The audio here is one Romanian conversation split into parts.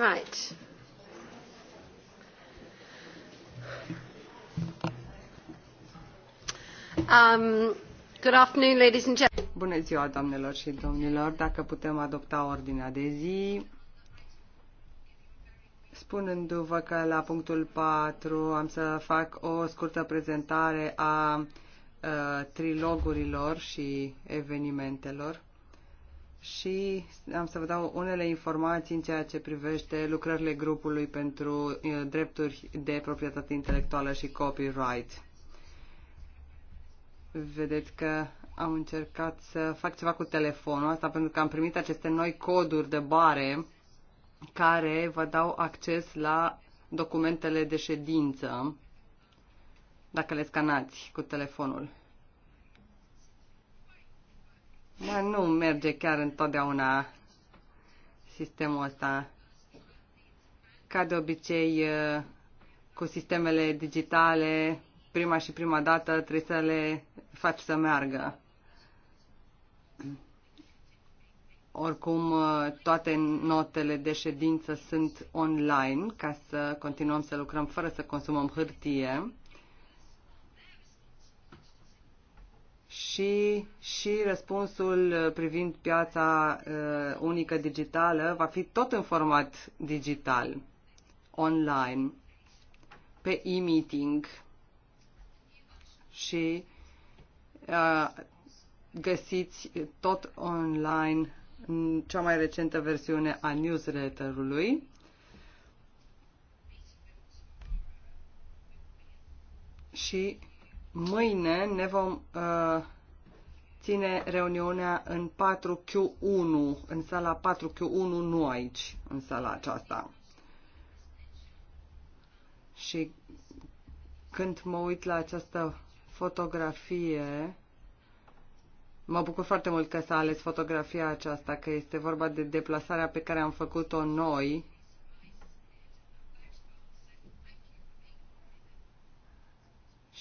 Right. Um, good afternoon, ladies and gentlemen. Bună ziua, doamnelor și domnilor. Dacă putem adopta ordinea de zi, spunându-vă că la punctul 4 am să fac o scurtă prezentare a, a uh, trilogurilor și evenimentelor și am să vă dau unele informații în ceea ce privește lucrările grupului pentru drepturi de proprietate intelectuală și copyright. Vedeți că am încercat să fac ceva cu telefonul asta pentru că am primit aceste noi coduri de bare care vă dau acces la documentele de ședință dacă le scanați cu telefonul. Dar nu merge chiar întotdeauna sistemul ăsta. Ca de obicei, uh, cu sistemele digitale, prima și prima dată trebuie să le faci să meargă. Oricum, uh, toate notele de ședință sunt online ca să continuăm să lucrăm fără să consumăm hârtie. și, și răspunsul uh, privind piața uh, unică digitală va fi tot în format digital, online, pe e-meeting și uh, găsiți tot online în cea mai recentă versiune a newsletterului. Și Mâine ne vom uh, ține reuniunea în 4Q1, în sala 4Q1, nu aici, în sala aceasta. Și când mă uit la această fotografie, mă bucur foarte mult că s-a ales fotografia aceasta, că este vorba de deplasarea pe care am făcut-o noi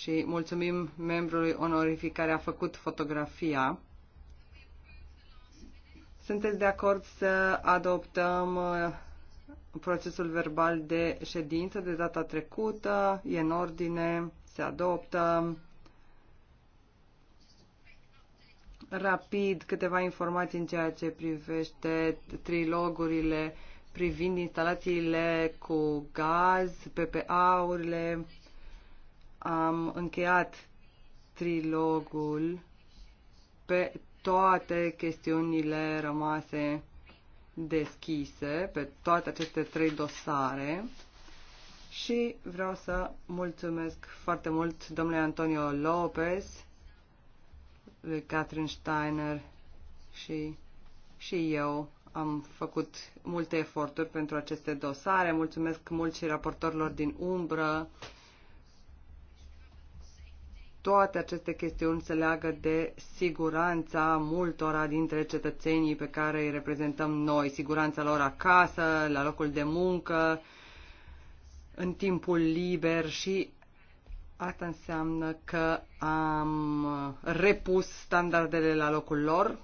și mulțumim membrului onorific care a făcut fotografia. Sunteți de acord să adoptăm uh, procesul verbal de ședință de data trecută? E în ordine? Se adoptă? Rapid, câteva informații în ceea ce privește trilogurile privind instalațiile cu gaz, PPA-urile, am încheiat trilogul pe toate chestiunile rămase deschise, pe toate aceste trei dosare și vreau să mulțumesc foarte mult domnului Antonio Lopez, lui Catherine Steiner și, și eu am făcut multe eforturi pentru aceste dosare. Mulțumesc mult și raportorilor din umbră, toate aceste chestiuni se leagă de siguranța multora dintre cetățenii pe care îi reprezentăm noi, siguranța lor acasă, la locul de muncă, în timpul liber și asta înseamnă că am repus standardele la locul lor.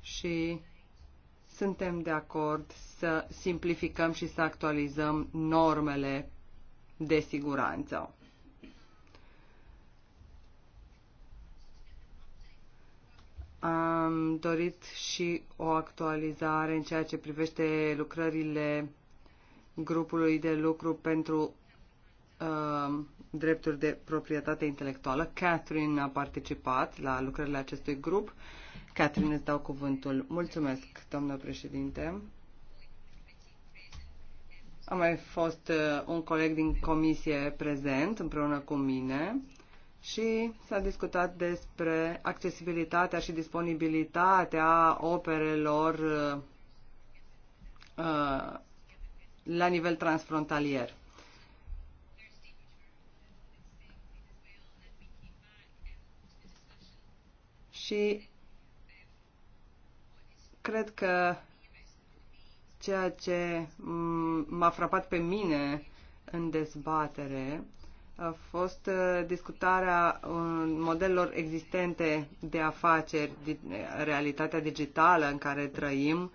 Și suntem de acord să simplificăm și să actualizăm normele de siguranță. Am dorit și o actualizare în ceea ce privește lucrările grupului de lucru pentru uh, drepturi de proprietate intelectuală. Catherine a participat la lucrările acestui grup. Uh, Catherine, îți dau cuvântul. Mulțumesc, doamnă președinte. A mai fost uh, un coleg din comisie prezent împreună cu mine și s-a discutat despre accesibilitatea și disponibilitatea operelor uh, uh la nivel transfrontalier. Și cred că ceea ce m-a frapat pe mine în dezbatere a fost uh, discutarea uh, modelelor existente de afaceri, realitatea digitală în care trăim,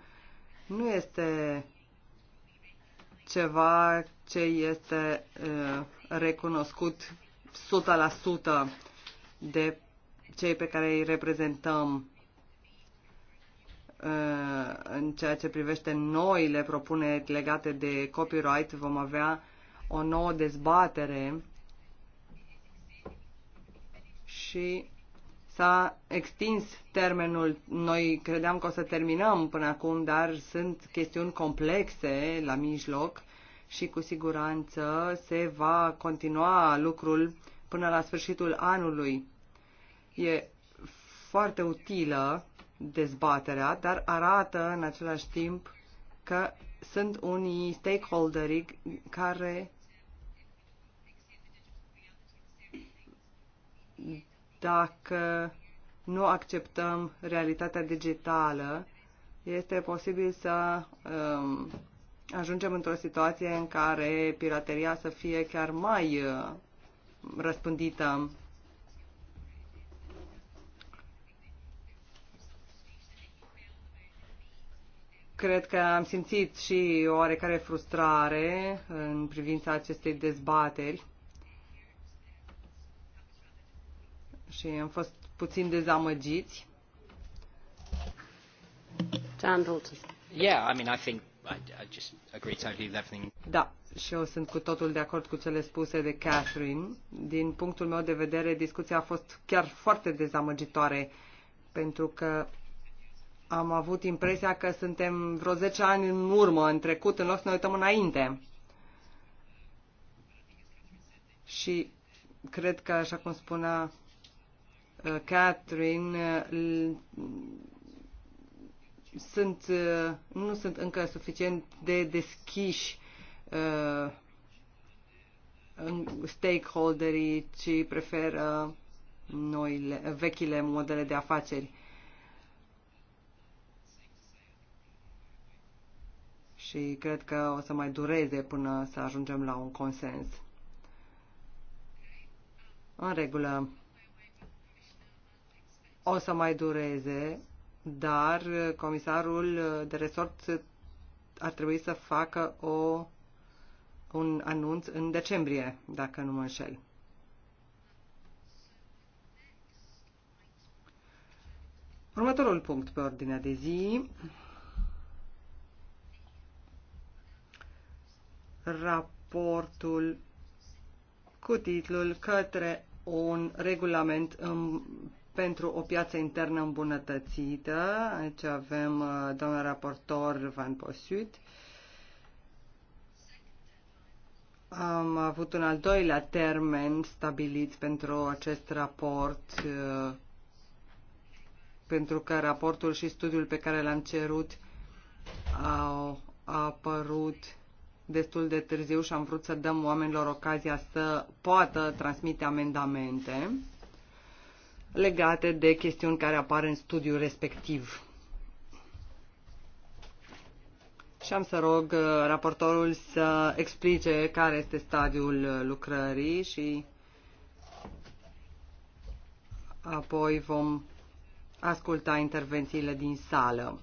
nu este ceva ce este uh, recunoscut 100% de cei pe care îi reprezentăm Uh, în ceea ce privește noile propuneri legate de copyright, vom avea o nouă dezbatere și s-a extins termenul. Noi credeam că o să terminăm până acum, dar sunt chestiuni complexe la mijloc și cu siguranță se va continua lucrul până la sfârșitul anului. E foarte utilă dezbaterea, dar arată în același timp că sunt unii stakeholderi care dacă nu acceptăm realitatea digitală, este posibil să um, ajungem într-o situație în care pirateria să fie chiar mai uh, răspândită Cred că am simțit și o oarecare frustrare în privința acestei dezbateri și am fost puțin dezamăgiți. Dan Dalton. Yeah, I mean, I think I, I just agree totally with everything. Da, și eu sunt cu totul de acord cu cele spuse de Catherine. Din punctul meu de vedere, discuția a fost chiar foarte dezamăgitoare, pentru că am avut impresia că suntem vreo 10 ani în urmă, în trecut, în loc să ne uităm înainte. Și cred că, așa cum spunea uh, Catherine, uh, sunt, uh, nu sunt încă suficient de deschiși stakeholderii, ci preferă noile, vechile modele de afaceri. și cred că o să mai dureze până să ajungem la un consens. În regulă, o să mai dureze, dar comisarul de resort ar trebui să facă o, un anunț în decembrie, dacă nu mă înșel. Următorul punct pe ordinea de zi raportul cu titlul Către un regulament în, pentru o piață internă îmbunătățită. Aici avem uh, domnul raportor Van Posut. Am avut un al doilea termen stabilit pentru acest raport, uh, pentru că raportul și studiul pe care l-am cerut au apărut destul de târziu și am vrut să dăm oamenilor ocazia să poată transmite amendamente legate de chestiuni care apar în studiul respectiv. Și am să rog uh, raportorul să explice care este stadiul uh, lucrării și apoi vom asculta intervențiile din sală.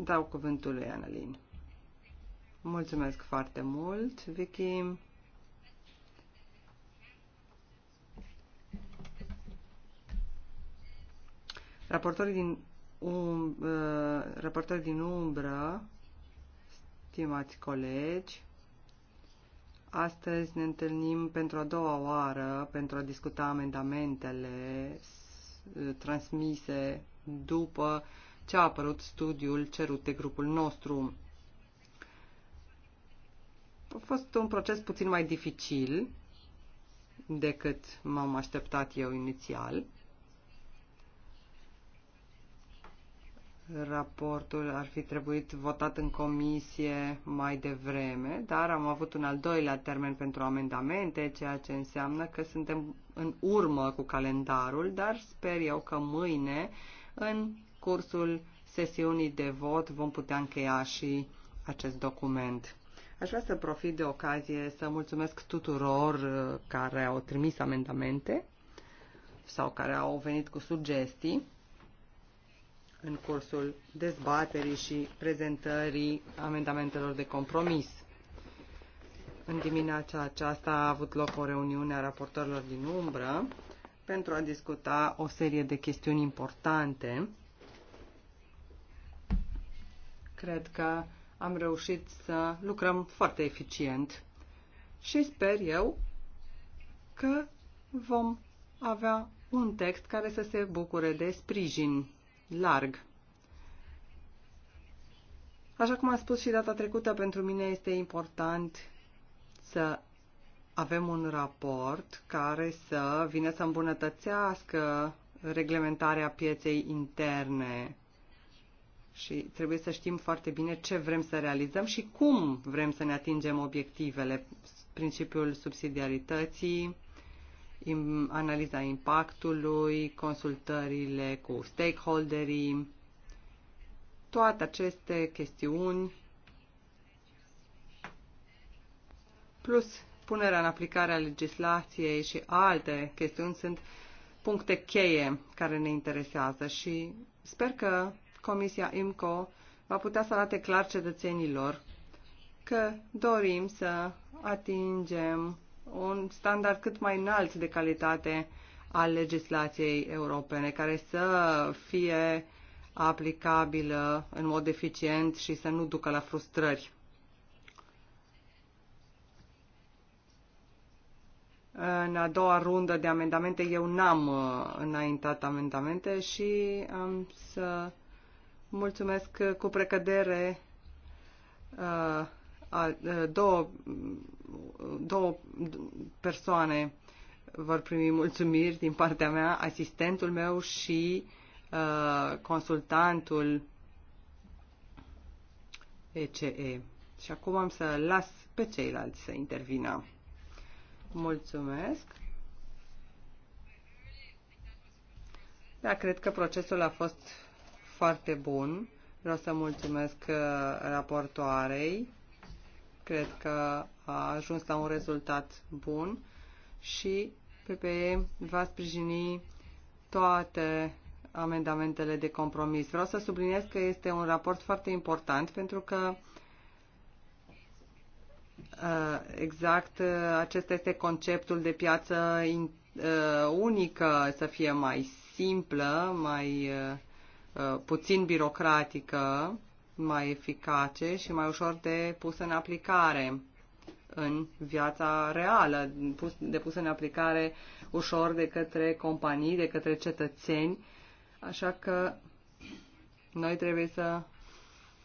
Dau cuvântul lui Analin. Mulțumesc foarte mult, Vicky. Raportorii din, um, uh, raportorii din umbră, stimați colegi, astăzi ne întâlnim pentru a doua oară pentru a discuta amendamentele transmise după uh, ce a apărut studiul cerut de grupul nostru. A fost un proces puțin mai dificil decât m-am așteptat eu inițial. Raportul ar fi trebuit votat în comisie mai devreme, dar am avut un al doilea termen pentru amendamente, ceea ce înseamnă că suntem în urmă cu calendarul, dar sper eu că mâine, în cursul sesiunii de vot vom putea încheia și acest document. Aș vrea să profit de ocazie să mulțumesc tuturor uh, care au trimis amendamente sau care au venit cu sugestii în cursul dezbaterii și prezentării amendamentelor de compromis. În dimineața aceasta a avut loc o reuniune a raportorilor din umbră pentru a discuta o serie de chestiuni importante Cred că am reușit să lucrăm foarte eficient și sper eu că vom avea un text care să se bucure de sprijin larg. Așa cum am spus și data trecută, pentru mine este important să avem un raport care să vină să îmbunătățească reglementarea pieței interne și trebuie să știm foarte bine ce vrem să realizăm și cum vrem să ne atingem obiectivele. Principiul subsidiarității, analiza impactului, consultările cu stakeholderii, toate aceste chestiuni, plus punerea în aplicare a legislației și alte chestiuni sunt puncte cheie care ne interesează și sper că Comisia IMCO va putea să arate clar cetățenilor că dorim să atingem un standard cât mai înalt de calitate al legislației europene, care să fie aplicabilă în mod eficient și să nu ducă la frustrări. În a doua rundă de amendamente eu n-am uh, înaintat amendamente și am să Mulțumesc uh, cu precădere uh, a, uh, două, două persoane vor primi mulțumiri din partea mea, asistentul meu și uh, consultantul ECE. Și acum am să las pe ceilalți să intervină. Mulțumesc. Da, cred că procesul a fost foarte bun. Vreau să mulțumesc uh, raportoarei. Cred că a ajuns la un rezultat bun și PPE va sprijini toate amendamentele de compromis. Vreau să subliniez că este un raport foarte important pentru că uh, exact uh, acesta este conceptul de piață unică, să fie mai simplă, mai Uh, puțin birocratică, mai eficace și mai ușor de pus în aplicare în viața reală, de pus în aplicare ușor de către companii, de către cetățeni. Așa că noi trebuie să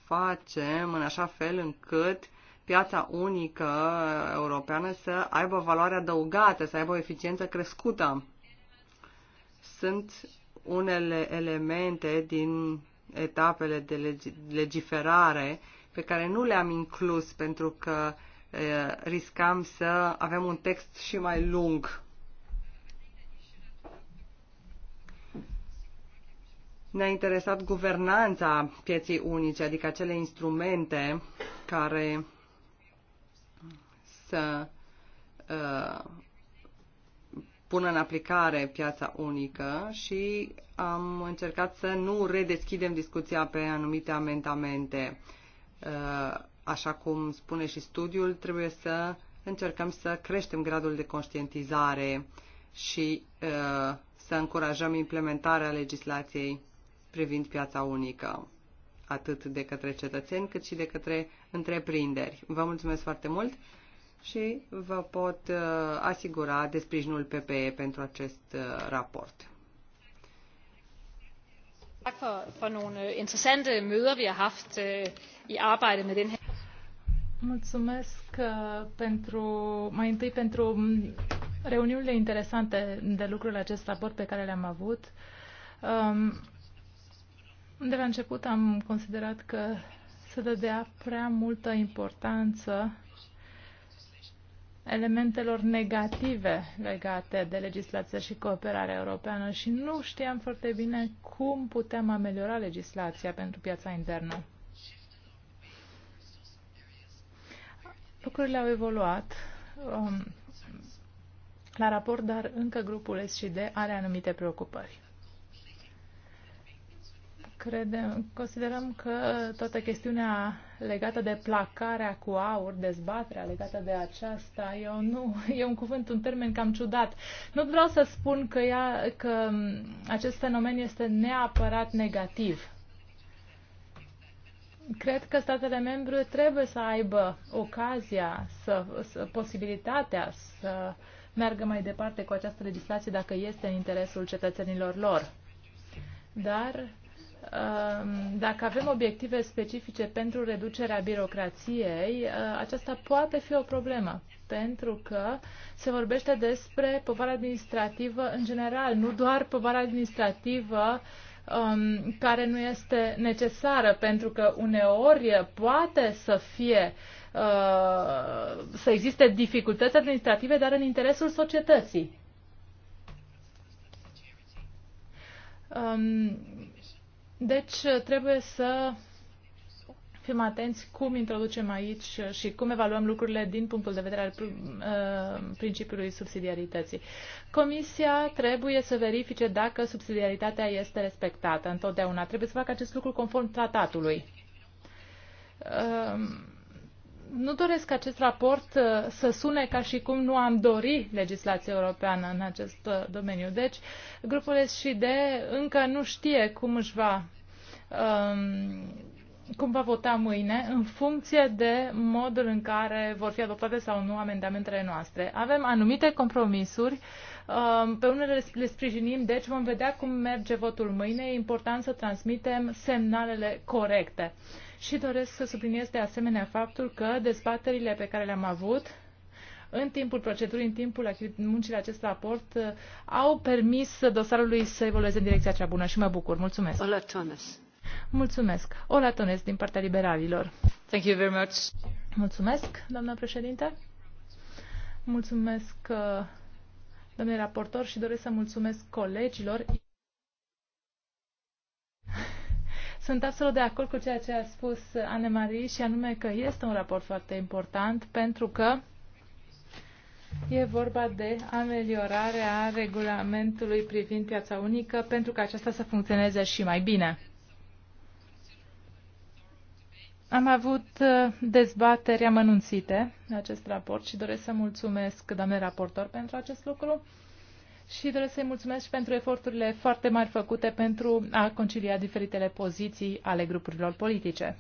facem în așa fel încât piața unică europeană să aibă valoare adăugată, să aibă o eficiență crescută. Sunt unele elemente din etapele de legiferare pe care nu le-am inclus pentru că uh, riscam să avem un text și mai lung. Ne-a interesat guvernanța pieții unice, adică acele instrumente care să pună în aplicare piața unică și am încercat să nu redeschidem discuția pe anumite amendamente. Uh, așa cum spune și studiul, trebuie să încercăm să creștem gradul de conștientizare și uh, să încurajăm implementarea legislației privind piața unică, atât de către cetățeni cât și de către întreprinderi. Vă mulțumesc foarte mult! și vă pot uh, asigura de sprijinul PPE pentru acest uh, raport. Uh, Mulțumesc pentru, mai întâi pentru mm, reuniunile interesante de lucru la acest raport pe care le-am avut. Um, de la început am considerat că se dădea prea multă importanță elementelor negative legate de legislație și cooperarea europeană și nu știam foarte bine cum putem ameliora legislația pentru piața internă. Lucrurile au evoluat um, la raport, dar încă grupul SCD are anumite preocupări. Credem, considerăm că toată chestiunea legată de placarea cu aur, dezbaterea legată de aceasta, eu nu, e un cuvânt, un termen cam ciudat. Nu vreau să spun că, ea, că acest fenomen este neapărat negativ. Cred că statele membre trebuie să aibă ocazia, să, să, posibilitatea să meargă mai departe cu această legislație dacă este în interesul cetățenilor lor. Dar Um, dacă avem obiective specifice pentru reducerea birocrației, uh, aceasta poate fi o problemă, pentru că se vorbește despre povara administrativă în general, nu doar povara administrativă um, care nu este necesară, pentru că uneori poate să fie uh, să existe dificultăți administrative, dar în interesul societății. Um, deci uh, trebuie să fim atenți cum introducem aici și cum evaluăm lucrurile din punctul de vedere al uh, principiului subsidiarității. Comisia trebuie să verifice dacă subsidiaritatea este respectată întotdeauna. Trebuie să facă acest lucru conform tratatului. Uh, nu doresc acest raport uh, să sune ca și cum nu am dori legislația europeană în acest uh, domeniu. Deci, grupul SD încă nu știe cum își va um, cum va vota mâine în funcție de modul în care vor fi adoptate sau nu amendamentele noastre. Avem anumite compromisuri, um, pe unele le sprijinim, deci vom vedea cum merge votul mâine. E important să transmitem semnalele corecte. Și doresc să subliniez de asemenea faptul că dezbaterile pe care le-am avut în timpul procedurii, în timpul muncii la acest raport, uh, au permis dosarului să evolueze în direcția cea bună și mă bucur. Mulțumesc. Ola Tones. Mulțumesc. Ola Tones din partea liberalilor. Thank you very much. Mulțumesc, doamna președinte. Mulțumesc, uh, domnule raportor, și doresc să mulțumesc colegilor sunt absolut de acord cu ceea ce a spus Anne-Marie și anume că este un raport foarte important pentru că E vorba de ameliorarea regulamentului privind piața unică pentru ca aceasta să funcționeze și mai bine. Am avut uh, dezbateri amănunțite în acest raport și doresc să mulțumesc, doamne raportor, pentru acest lucru și doresc să-i mulțumesc și pentru eforturile foarte mari făcute pentru a concilia diferitele poziții ale grupurilor politice.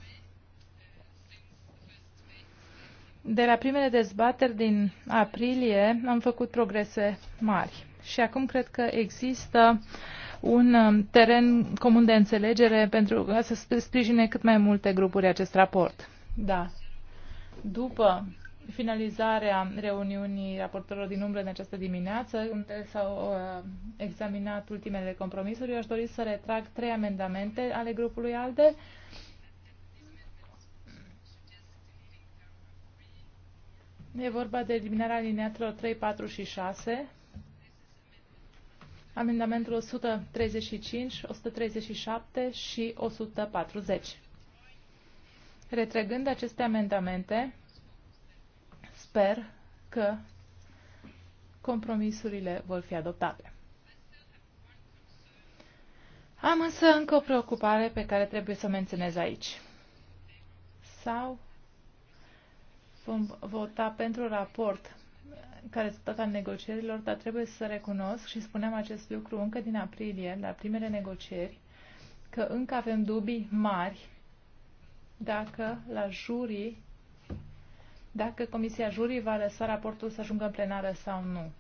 De la primele dezbateri din aprilie am făcut progrese mari și acum cred că există un um, teren comun de înțelegere pentru a să sprijine cât mai multe grupuri acest raport. Da. După finalizarea reuniunii raportorilor din umbră în această dimineață, unde s-au uh, examinat ultimele compromisuri. Eu aș dori să retrag trei amendamente ale grupului ALDE. E vorba de eliminarea alineatelor 3, 4 și 6. Amendamentul 135, 137 și 140. Retrăgând aceste amendamente, sper că compromisurile vor fi adoptate. Am însă încă o preocupare pe care trebuie să o menționez aici. Sau vom vota pentru raport care tot al negocierilor, dar trebuie să recunosc și spuneam acest lucru încă din aprilie, la primele negocieri, că încă avem dubii mari dacă la jurii dacă Comisia Jurii va lăsa raportul să ajungă în plenară sau nu.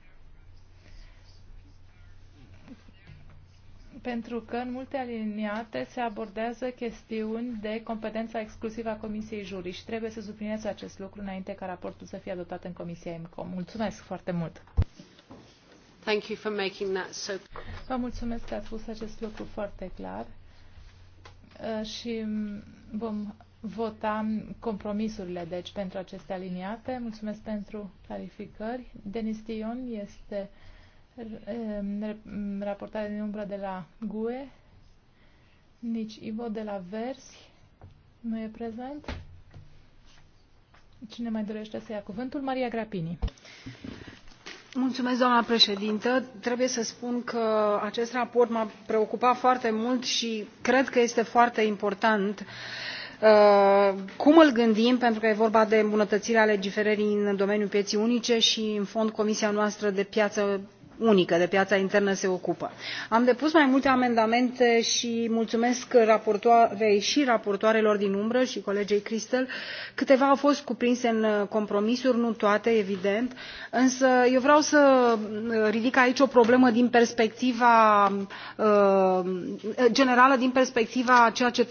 Pentru că în multe aliniate se abordează chestiuni de competența exclusivă a Comisiei Jurii și trebuie să subliniez acest lucru înainte ca raportul să fie adoptat în Comisia IMCO. Mulțumesc foarte mult! Thank you for making that so... Vă mulțumesc că ați spus acest lucru foarte clar uh, și mm, vom votam compromisurile, deci, pentru aceste aliniate. Mulțumesc pentru clarificări. Denis Tion este um, raportat din umbră de la GUE. Nici Ivo de la Versi nu e prezent. Cine mai dorește să ia cuvântul? Maria Grapini. Mulțumesc, doamna președintă trebuie să spun că acest raport m a preocupat foarte mult și cred că este foarte important uh, Uh, cum îl gândim pentru că e vorba de îmbunătățirea legiferării în domeniul pieței unice și în fond comisia noastră de piață unică de piața internă se ocupă. am depus mai multe amendamente și mulțumesc raportoarei și raportoarelor din umbră și colegei Christel. câteva au fost cuprinse în compromisuri nu toate evident însă eu vreau să ridic aici o problemă din perspectiva uh, generală din perspectiva a ceea ce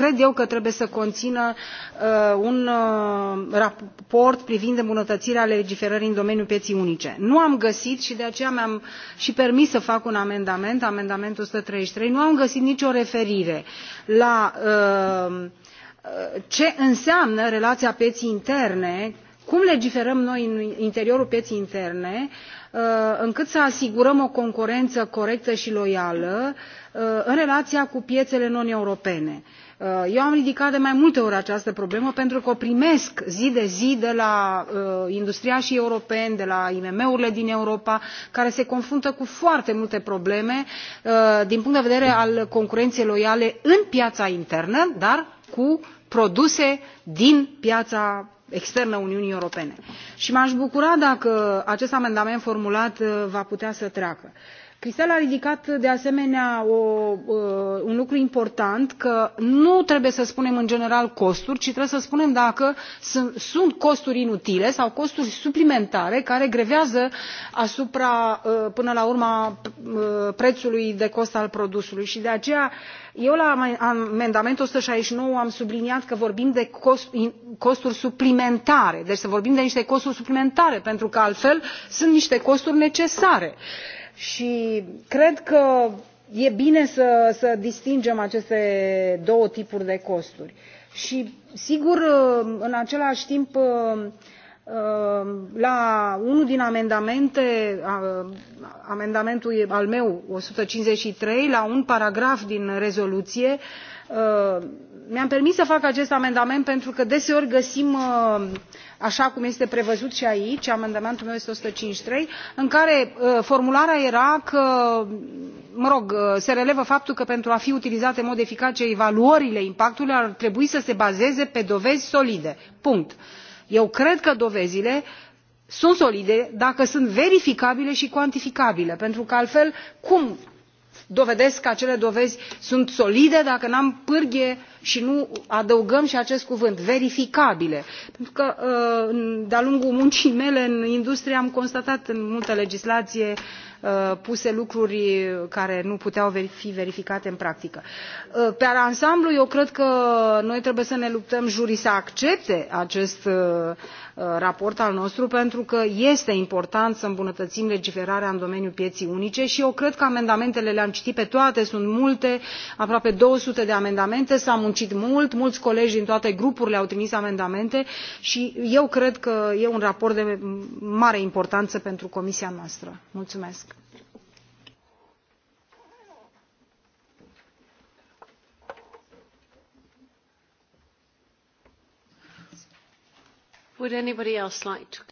cred eu că trebuie să conțină uh, un uh, raport privind îmbunătățirea legiferării în domeniul pieței unice. nu am găsit și de aceea mi am și permis să fac un amendament amendamentul o sută treizeci și trei nu am găsit nicio referire la uh, ce înseamnă relația pieței interne cum legiferăm noi în interiorul pieței interne încât să asigurăm o concurență corectă și loială în relația cu piețele non europene. Uh, eu am ridicat de mai multe ori această problemă pentru că o primesc zi de zi de la uh, industriașii europeni de la imm urile din europa care se confruntă cu foarte multe probleme uh, din punct de vedere al concurenței loiale în piața internă dar cu produse din piața externă a uniunii europene și m aș bucura dacă acest amendament formulat va putea să treacă. Cristel a ridicat de asemenea un lucru important că nu trebuie să spunem în general costuri ci trebuie să spunem dacă sunt costuri inutile sau costuri suplimentare care grevează asupra ă, până la urmă prețului de cost al produsului și de aceea eu la amendamentul o sută șaizeci și nouă am subliniat că vorbim de costuri suplimentare deci să vorbim de niște costuri suplimentare pentru că altfel sunt niște costuri necesare și și cred că e bine să, distingem aceste două tipuri de costuri și sigur în același timp la unul din amendamente amendamentul al meu o sută cincizeci și trei la un paragraf din rezoluție mi am permis să fac acest amendament pentru că deseori găsim așa cum este prevăzut și aici amendamentul meu este o sută cincizeci și trei în care uh, formularea era că mă rog uh, se relevă faptul că pentru a fi utilizate în mod eficace evaluările impactului ar trebui să se bazeze pe dovezi solide punct. eu cred că dovezile sunt solide dacă sunt verificabile și cuantificabile pentru că altfel cum dovedesc că acele dovezi sunt solide dacă nu am pârghie și nu adăugăm și acest cuvânt verificabile pentru că uh, de a lungul muncii mele în industrie am constatat în multă legislație Uh, puse lucruri care nu puteau fi verificate în practică. Uh, pe ansamblu eu cred că noi trebuie să ne luptăm jurii să accepte acest uh, raport al nostru pentru că este important să îmbunătățim legiferarea în domeniul pieței unice și eu cred că amendamentele le am citit pe toate sunt multe aproape două sute de amendamente s a muncit mult mulți colegi din toate grupurile au trimis amendamente și eu cred că e un raport de mare importanță pentru comisia noastră. mulțumesc. Would anybody else like to...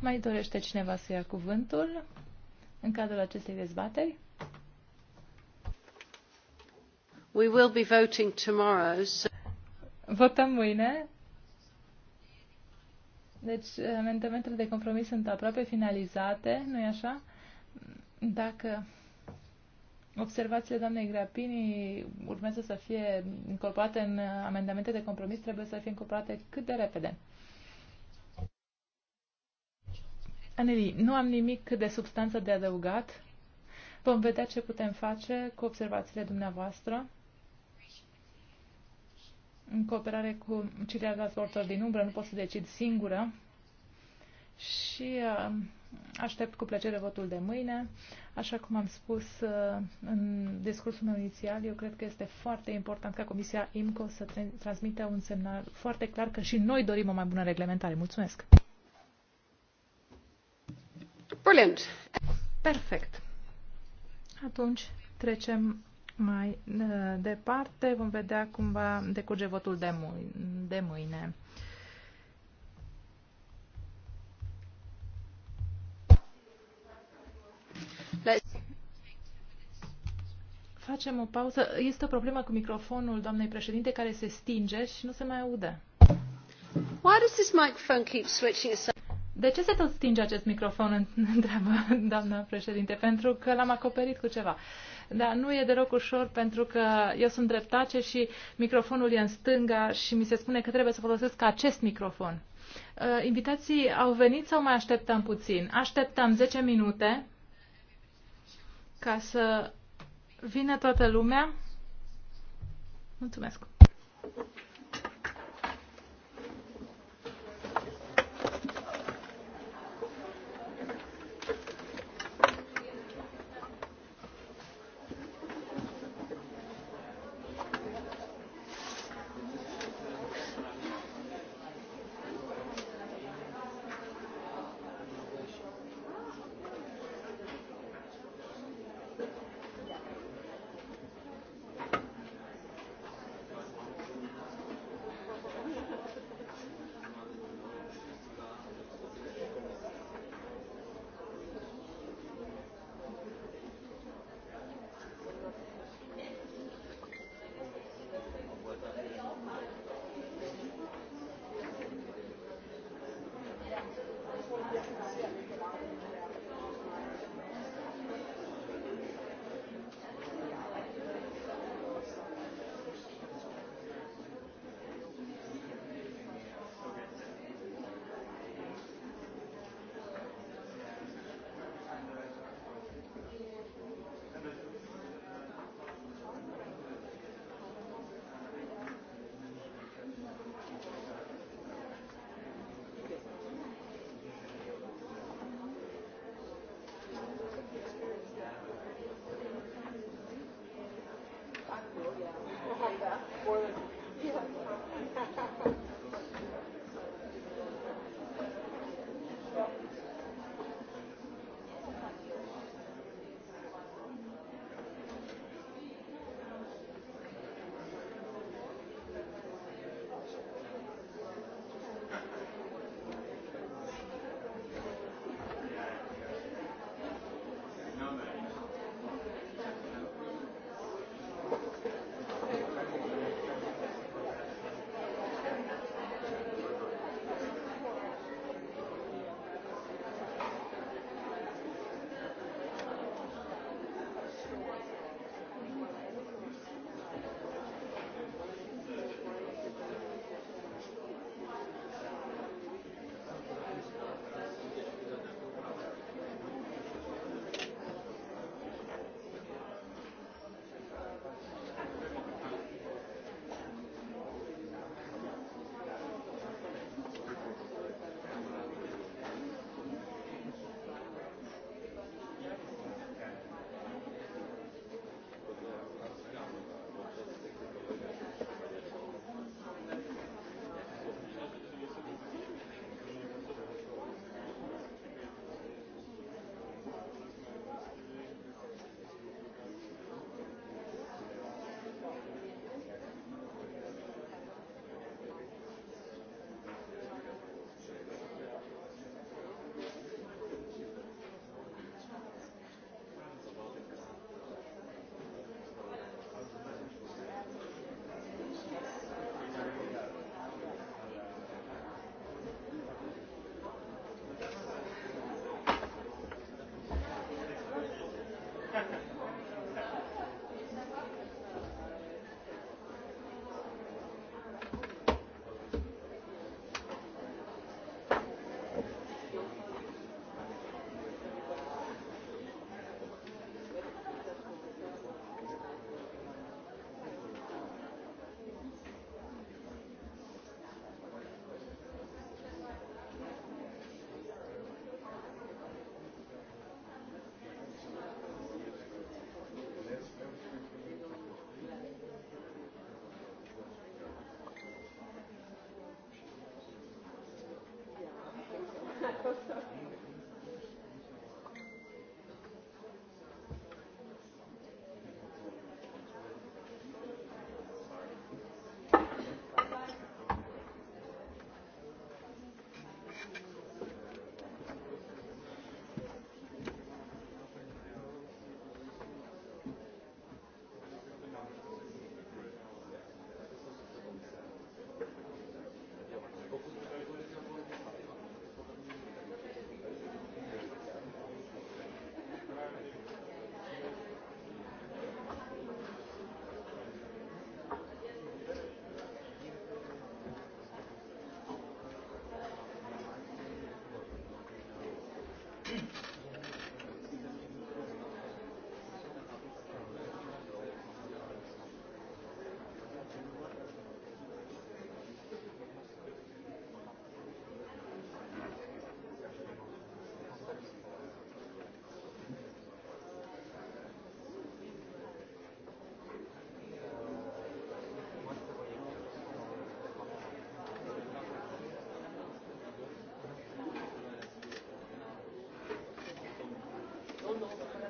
Mai dorește cineva să ia cuvântul în cadrul acestei dezbateri? We will be voting tomorrow. So... Votăm mâine. Deci, amendamentele de compromis sunt aproape finalizate, nu-i așa? Dacă observațiile doamnei Grapini urmează să fie incorporate în amendamente de compromis, trebuie să fie incorporate cât de repede. Aneli, nu am nimic de substanță de adăugat. Vom vedea ce putem face cu observațiile dumneavoastră în cooperare cu ceilalți raportori din umbră, nu pot să decid singură și uh, aștept cu plăcere votul de mâine. Așa cum am spus uh, în discursul meu inițial, eu cred că este foarte important ca Comisia IMCO să transmită un semnal foarte clar că și noi dorim o mai bună reglementare. Mulțumesc! Brilliant. Perfect. Atunci trecem mai uh, departe. Vom vedea cum va decurge votul de, mâine. De mâine. Facem o pauză. Este o problemă cu microfonul doamnei președinte care se stinge și nu se mai aude. Why does this microphone keep switching itself? De ce se tot stinge acest microfon, întreabă doamna președinte? Pentru că l-am acoperit cu ceva. Dar nu e deloc ușor pentru că eu sunt dreptace și microfonul e în stânga și mi se spune că trebuie să folosesc acest microfon. Uh, invitații au venit sau mai așteptăm puțin? Așteptăm 10 minute ca să vină toată lumea. Mulțumesc!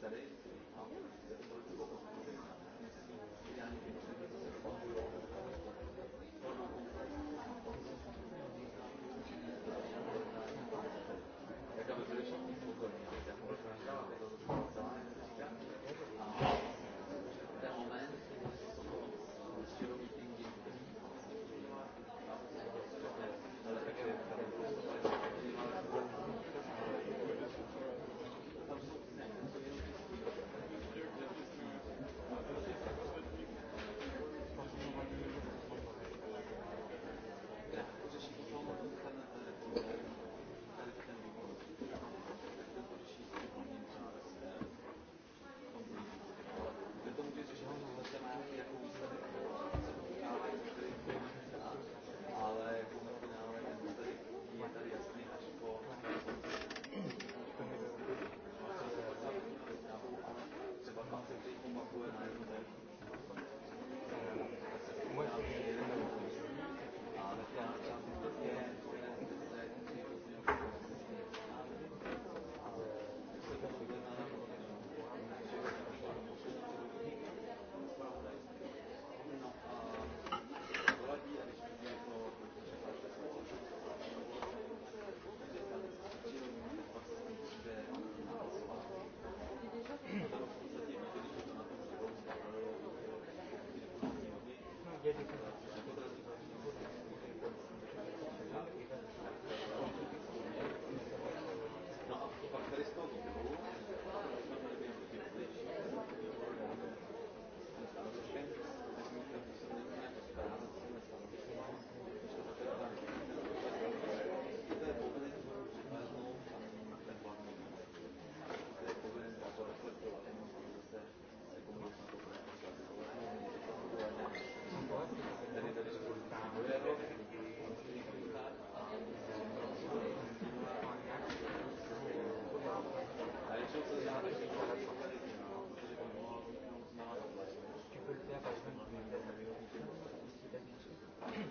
Today? Oh. Yeah.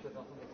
încet atunci.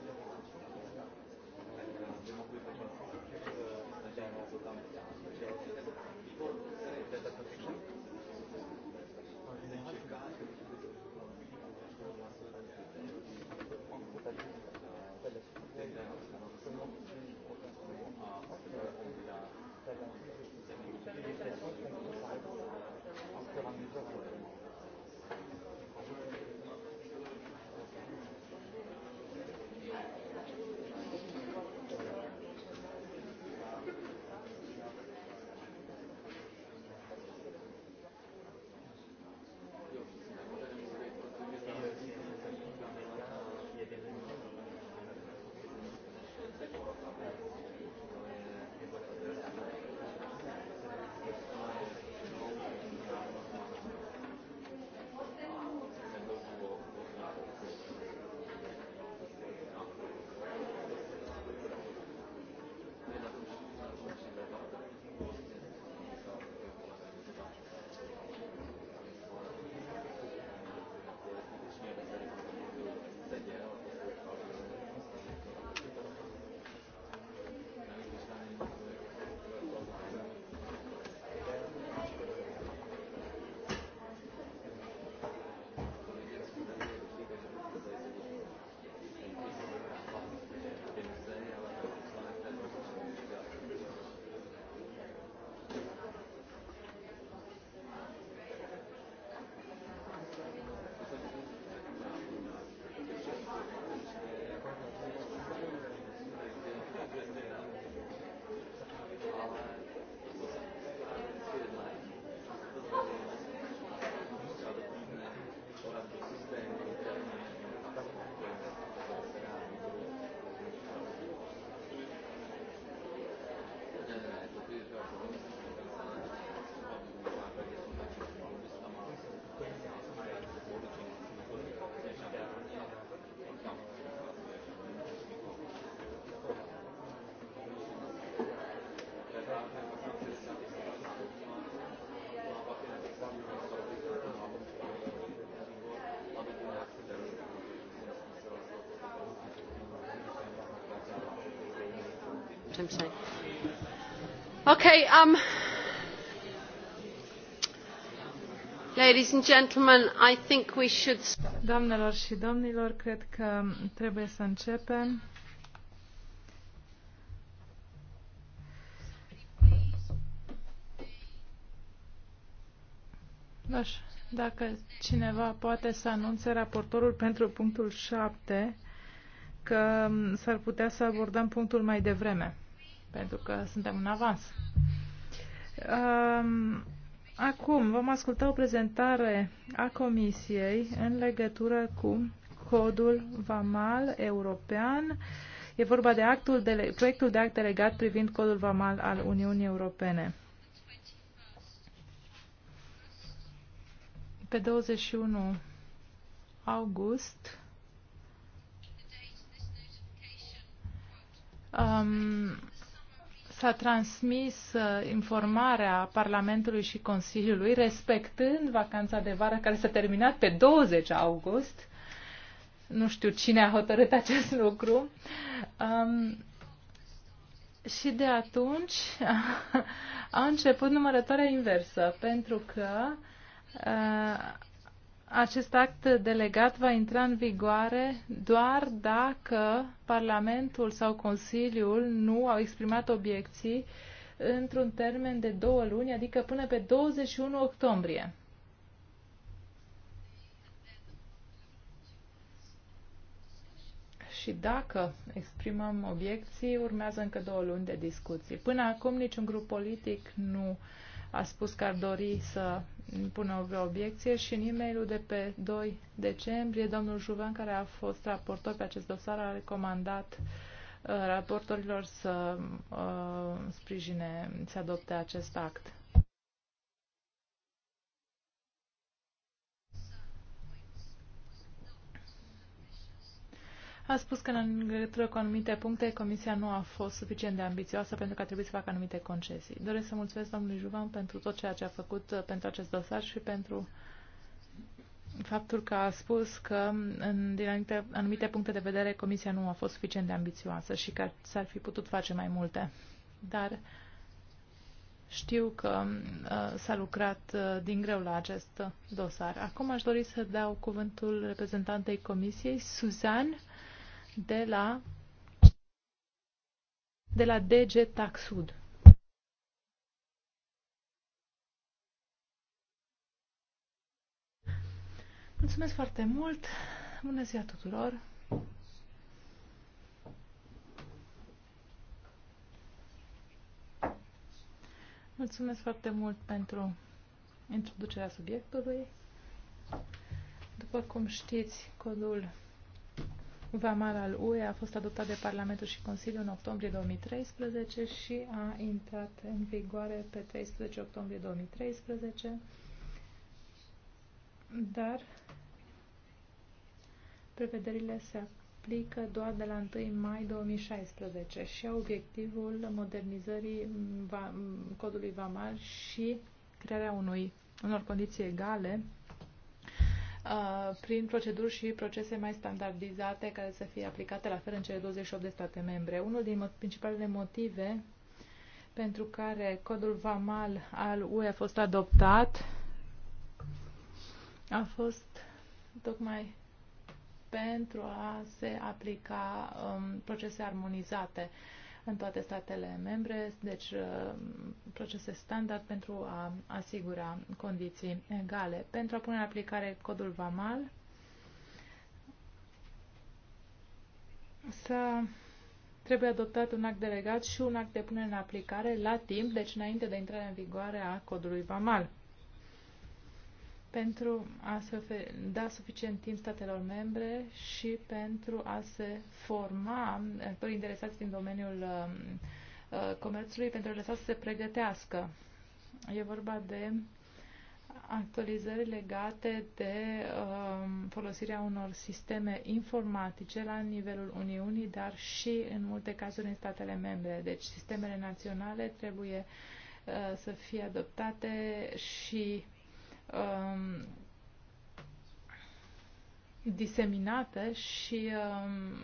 him Okay, um, ladies and gentlemen, I think we should. Doamnelor și domnilor, cred că trebuie să începem. Aș, dacă cineva poate să anunțe raportorul pentru punctul 7 că s-ar putea să abordăm punctul mai devreme pentru că suntem în avans. Acum vom asculta o prezentare a Comisiei în legătură cu codul VAMAL european. E vorba de actul de, proiectul de act delegat privind codul VAMAL al Uniunii Europene. Pe 21 august um, s-a transmis uh, informarea Parlamentului și Consiliului, respectând vacanța de vară care s-a terminat pe 20 august. Nu știu cine a hotărât acest lucru. Um, și de atunci a început numărătoarea inversă, pentru că uh, acest act delegat va intra în vigoare doar dacă Parlamentul sau Consiliul nu au exprimat obiecții într-un termen de două luni, adică până pe 21 octombrie. Și dacă exprimăm obiecții, urmează încă două luni de discuții. Până acum niciun grup politic nu uh, a spus că ar dori să pună o obiecție și în e de pe 2 decembrie, domnul Juvan, care a fost raportor pe acest dosar, a recomandat uh, raportorilor să uh, sprijine, să adopte acest act. a spus că în legătură cu anumite puncte Comisia nu a fost suficient de ambițioasă pentru că a trebuit să facă anumite concesii. Doresc să mulțumesc domnului Juvan pentru tot ceea ce a făcut uh, pentru acest dosar și pentru faptul că a spus că în, din anumite, anumite puncte de vedere Comisia nu a fost suficient de ambițioasă și că s-ar fi putut face mai multe. Dar știu că uh, s-a lucrat uh, din greu la acest dosar. Acum aș dori să dau cuvântul reprezentantei Comisiei, Suzanne de la, de la DG Taxud. Mulțumesc foarte mult! Bună ziua tuturor! Mulțumesc foarte mult pentru introducerea subiectului. După cum știți, codul Vamal al UE a fost adoptat de Parlamentul și Consiliul în octombrie 2013 și a intrat în vigoare pe 13 octombrie 2013, dar prevederile se aplică doar de la 1 mai 2016 și au obiectivul modernizării codului Vamal și crearea unui, unor condiții egale Uh, prin proceduri și procese mai standardizate care să fie aplicate la fel în cele 28 de state membre. Unul din principalele motive pentru care codul VAMAL al UE a fost adoptat a fost tocmai pentru a se aplica um, procese armonizate uh, în toate statele membre, deci uh, procese standard pentru a asigura condiții egale. Pentru a pune în aplicare codul VAMAL, să trebuie adoptat un act delegat și un act de punere în aplicare la timp, deci înainte de intrarea în vigoare a codului VAMAL pentru a se da suficient timp statelor membre și pentru a se forma actori interesați din domeniul um, uh, comerțului, pentru a lăsa să se pregătească. E vorba de actualizări legate de um, folosirea unor sisteme informatice la nivelul Uniunii, dar și în multe cazuri în statele membre. Deci sistemele naționale trebuie uh, să fie adoptate și um, diseminată și um,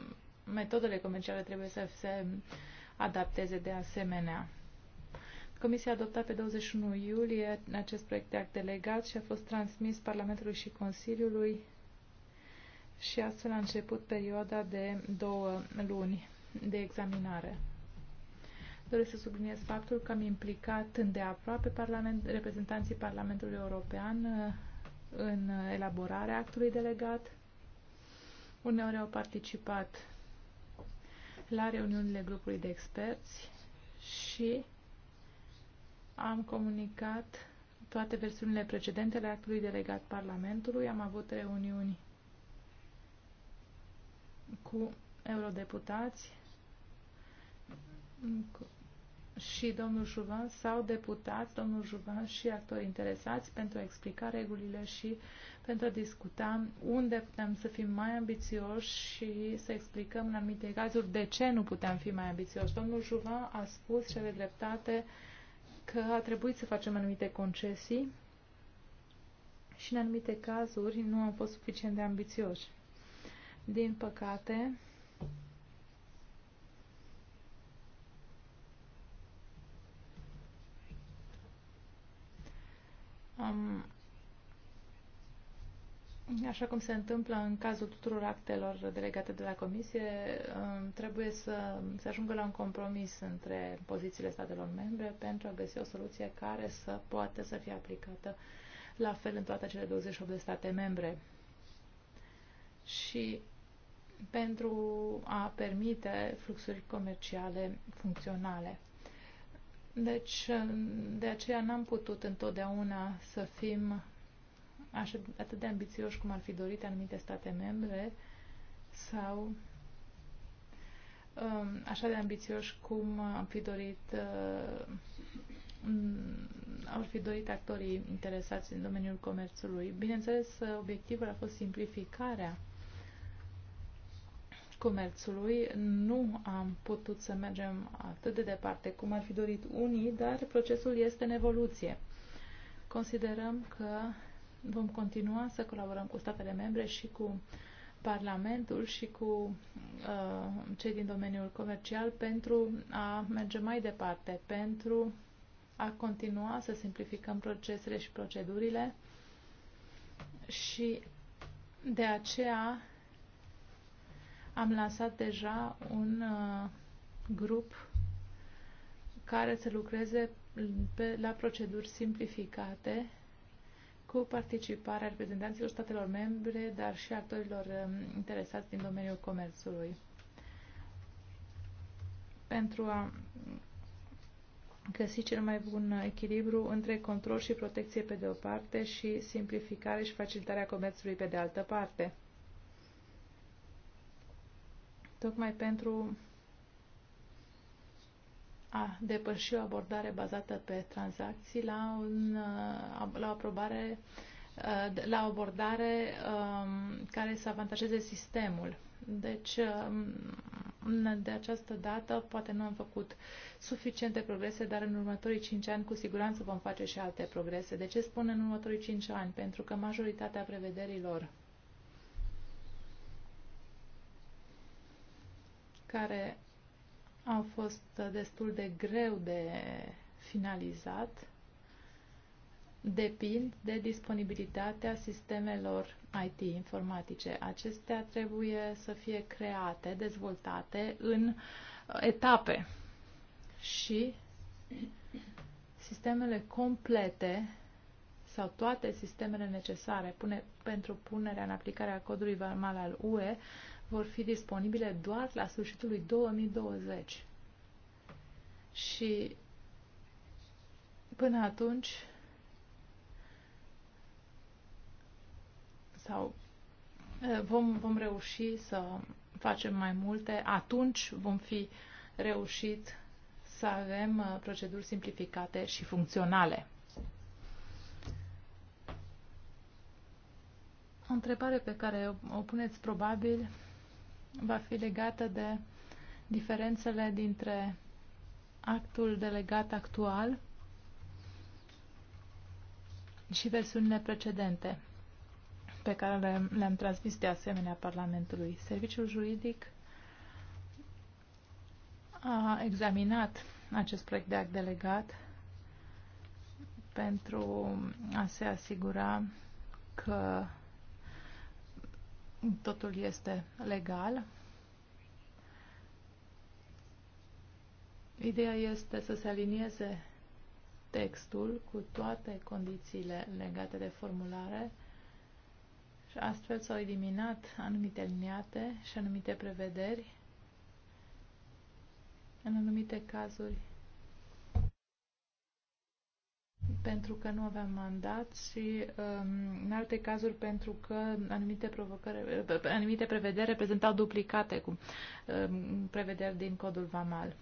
metodele comerciale trebuie să se adapteze de asemenea. Comisia a adoptat pe 21 iulie acest proiect de act delegat și a fost transmis Parlamentului și Consiliului și astfel a început perioada de două luni de examinare. Doresc să subliniez faptul că am implicat îndeaproape parlament, reprezentanții Parlamentului European uh, în elaborarea actului delegat. Uneori au participat la reuniunile grupului de experți și am comunicat toate versiunile precedente ale actului delegat Parlamentului. Am avut reuniuni cu eurodeputați, cu și domnul Juvan sau deputați, domnul Juvan și actori interesați pentru a explica regulile și pentru a discuta unde putem să fim mai ambițioși și să explicăm în anumite cazuri de ce nu putem fi mai ambițioși. Domnul Juvan a spus și are dreptate că a trebuit să facem anumite concesii și în anumite cazuri nu am fost suficient de ambițioși. Din păcate, Um, Așa cum se întâmplă în cazul tuturor actelor delegate de la Comisie, um, trebuie să se ajungă la un compromis între pozițiile statelor membre pentru a găsi o soluție care să poată să fie aplicată la fel în toate cele 28 de state membre. Și pentru a permite fluxuri comerciale funcționale. Deci, de aceea n-am putut întotdeauna să fim așa, atât de ambițioși cum ar fi dorit anumite state membre sau um, așa de ambițioși cum am fi dorit uh, mm, ar fi dorit actorii interesați în domeniul comerțului. Bineînțeles, obiectivul a fost simplificarea comerțului. Nu am putut să mergem atât de departe cum ar fi dorit unii, dar procesul este în evoluție. Considerăm că vom continua să colaborăm cu statele membre și cu Parlamentul și cu uh, cei din domeniul comercial pentru a merge mai departe, pentru a continua să simplificăm procesele și procedurile și de aceea am lansat deja un uh, grup care să lucreze pe, la proceduri simplificate cu participarea reprezentanților statelor membre, dar și actorilor um, interesați din domeniul comerțului. Pentru a găsi cel mai bun echilibru între control și protecție pe de o parte și simplificare și facilitarea comerțului pe de altă parte tocmai pentru a depăși o abordare bazată pe tranzacții la, un, uh, la o aprobare, uh, la o abordare um, care să avantajeze sistemul. Deci, um, de această dată, poate nu am făcut suficiente progrese, dar în următorii 5 ani, cu siguranță, vom face și alte progrese. De ce spun în următorii 5 ani? Pentru că majoritatea prevederilor care au fost destul de greu de finalizat depind de disponibilitatea sistemelor IT informatice. Acestea trebuie să fie create, dezvoltate în uh, etape și sistemele complete sau toate sistemele necesare pune, pentru punerea în aplicare a codului verbal al UE vor fi disponibile doar la sfârșitul lui 2020. Și până atunci sau vom, vom reuși să facem mai multe, atunci vom fi reușit să avem proceduri simplificate și funcționale. O întrebare pe care o puneți probabil va fi legată de diferențele dintre actul delegat actual și versiunile precedente pe care le-am transmis de asemenea Parlamentului. Serviciul juridic a examinat acest proiect de act delegat pentru a se asigura că totul este legal. Ideea este să se alinieze textul cu toate condițiile legate de formulare și astfel s-au eliminat anumite liniate și anumite prevederi în anumite cazuri pentru că nu aveam mandat și um, în alte cazuri pentru că anumite, provocări, anumite prevederi reprezentau duplicate cu um, prevederi din codul VAMAL.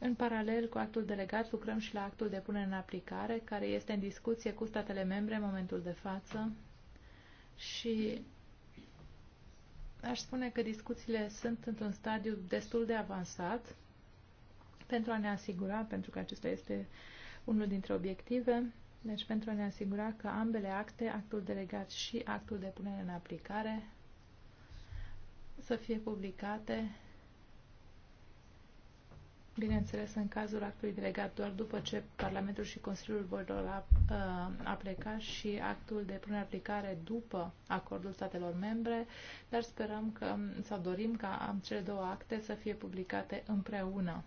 În paralel cu actul delegat, lucrăm și la actul de punere în aplicare, care este în discuție cu statele membre în momentul de față și aș spune că discuțiile sunt într-un stadiu destul de avansat pentru a ne asigura, pentru că acesta este unul dintre obiective, deci pentru a ne asigura că ambele acte, actul delegat și actul de punere în aplicare, să fie publicate, bineînțeles în cazul actului delegat doar după ce Parlamentul și Consiliul vor a uh, pleca și actul de punere în aplicare după acordul statelor membre, dar sperăm că sau dorim ca cele două acte să fie publicate împreună.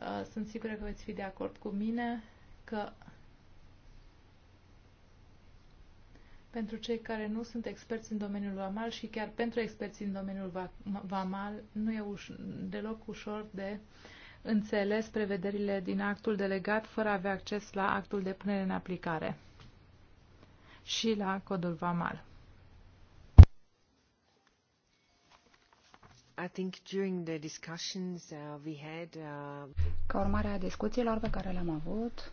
Uh, sunt sigură că veți fi de acord cu mine că pentru cei care nu sunt experți în domeniul vamal și chiar pentru experții în domeniul vamal nu e uș- deloc ușor de înțeles prevederile din actul delegat fără a avea acces la actul de punere în aplicare și la codul vamal. I think during the discussions uh, we had, uh... Ca urmare a discuțiilor pe care le-am avut,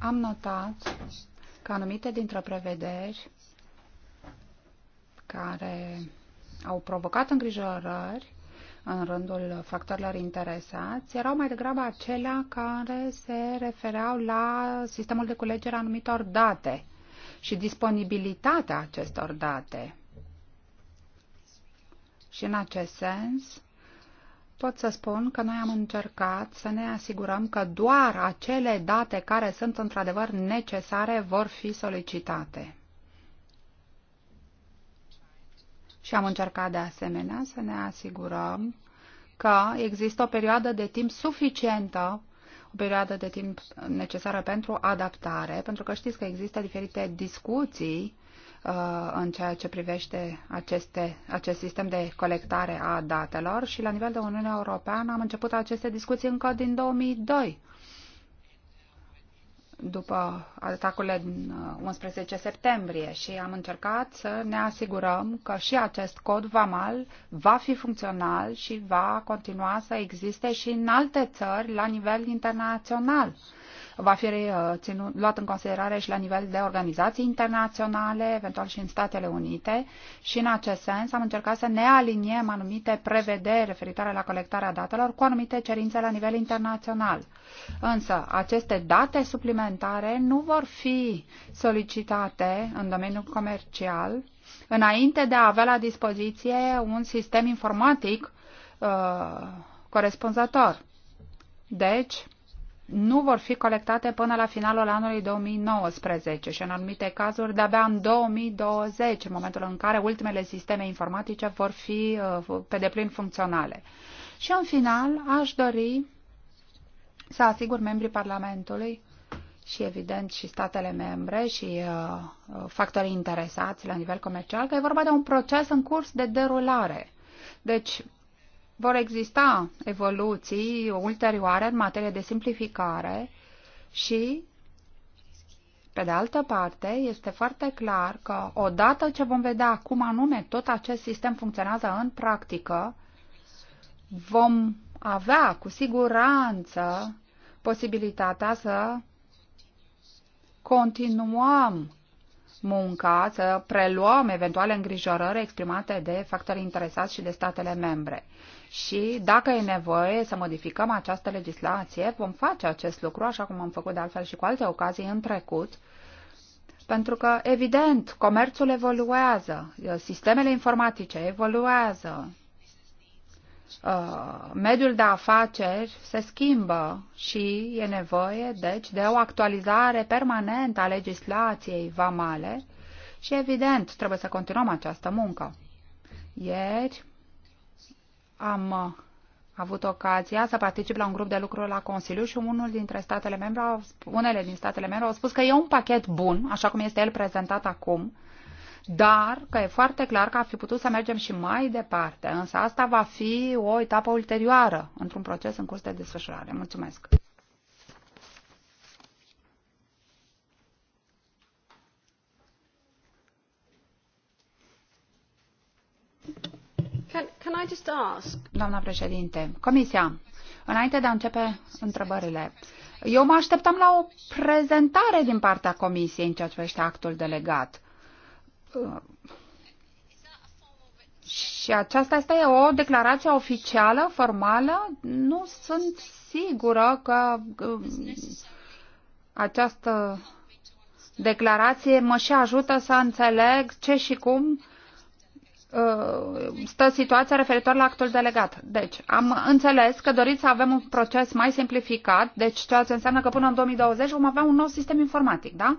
am notat că anumite dintre prevederi care au provocat îngrijorări în rândul factorilor interesați erau mai degrabă acelea care se refereau la sistemul de culegere a anumitor date și disponibilitatea acestor date. Și în acest sens, pot să spun că noi am încercat să ne asigurăm că doar acele date care sunt într-adevăr necesare vor fi solicitate. Și am încercat de asemenea să ne asigurăm că există o perioadă de timp suficientă, o perioadă de timp necesară pentru adaptare, pentru că știți că există diferite discuții Uh, în ceea ce privește aceste, acest sistem de colectare a datelor și la nivel de Uniunea Europeană am început aceste discuții încă din 2002 după atacurile din 11 uh, septembrie și am încercat să ne asigurăm că și acest cod VAMAL va fi funcțional și va continua să existe și în alte țări la nivel internațional va fi uh, ținut, luat în considerare și la nivel de organizații internaționale, eventual și în Statele Unite. Și în acest sens am încercat să ne aliniem anumite prevederi referitoare la colectarea datelor cu anumite cerințe la nivel internațional. Însă, aceste date suplimentare nu vor fi solicitate în domeniul comercial înainte de a avea la dispoziție un sistem informatic uh, corespunzător. Deci, nu vor fi colectate până la finalul anului 2019 și în anumite cazuri de-abia în 2020, în momentul în care ultimele sisteme informatice vor fi uh, pe deplin funcționale. Și în final aș dori să asigur membrii Parlamentului și evident și statele membre și uh, uh factorii interesați la nivel comercial că e vorba de un proces în curs de derulare. Deci, vor exista evoluții ulterioare în materie de simplificare și, pe de altă parte, este foarte clar că odată ce vom vedea cum anume tot acest sistem funcționează în practică, vom avea cu siguranță posibilitatea să continuăm munca, să preluăm eventuale îngrijorări exprimate de factorii interesați și de statele membre și dacă e nevoie să modificăm această legislație, vom face acest lucru, așa cum am făcut de altfel și cu alte ocazii în trecut, pentru că, evident, comerțul evoluează, sistemele informatice evoluează, uh, mediul de afaceri se schimbă și e nevoie, deci, de o actualizare permanentă a legislației vamale și, evident, trebuie să continuăm această muncă. Ieri am uh, avut ocazia să particip la un grup de lucru la Consiliu și unul dintre statele membre, unele din statele membre au spus că e un pachet bun, așa cum este el prezentat acum, dar că e foarte clar că ar fi putut să mergem și mai departe, însă asta va fi o etapă ulterioară într-un proces în curs de desfășurare. Mulțumesc! Can, can I just ask? Doamna președinte, Comisia, înainte de a începe întrebările, eu mă așteptam la o prezentare din partea Comisiei în ceea ce privește actul delegat. Și aceasta este o declarație oficială, formală? Nu sunt sigură că um, această declarație mă și ajută să înțeleg ce și cum uh, stă situația referitor la actul delegat. Deci, am înțeles că doriți să avem un proces mai simplificat, deci ceea ce înseamnă că până în 2020 vom avea un nou sistem informatic, da?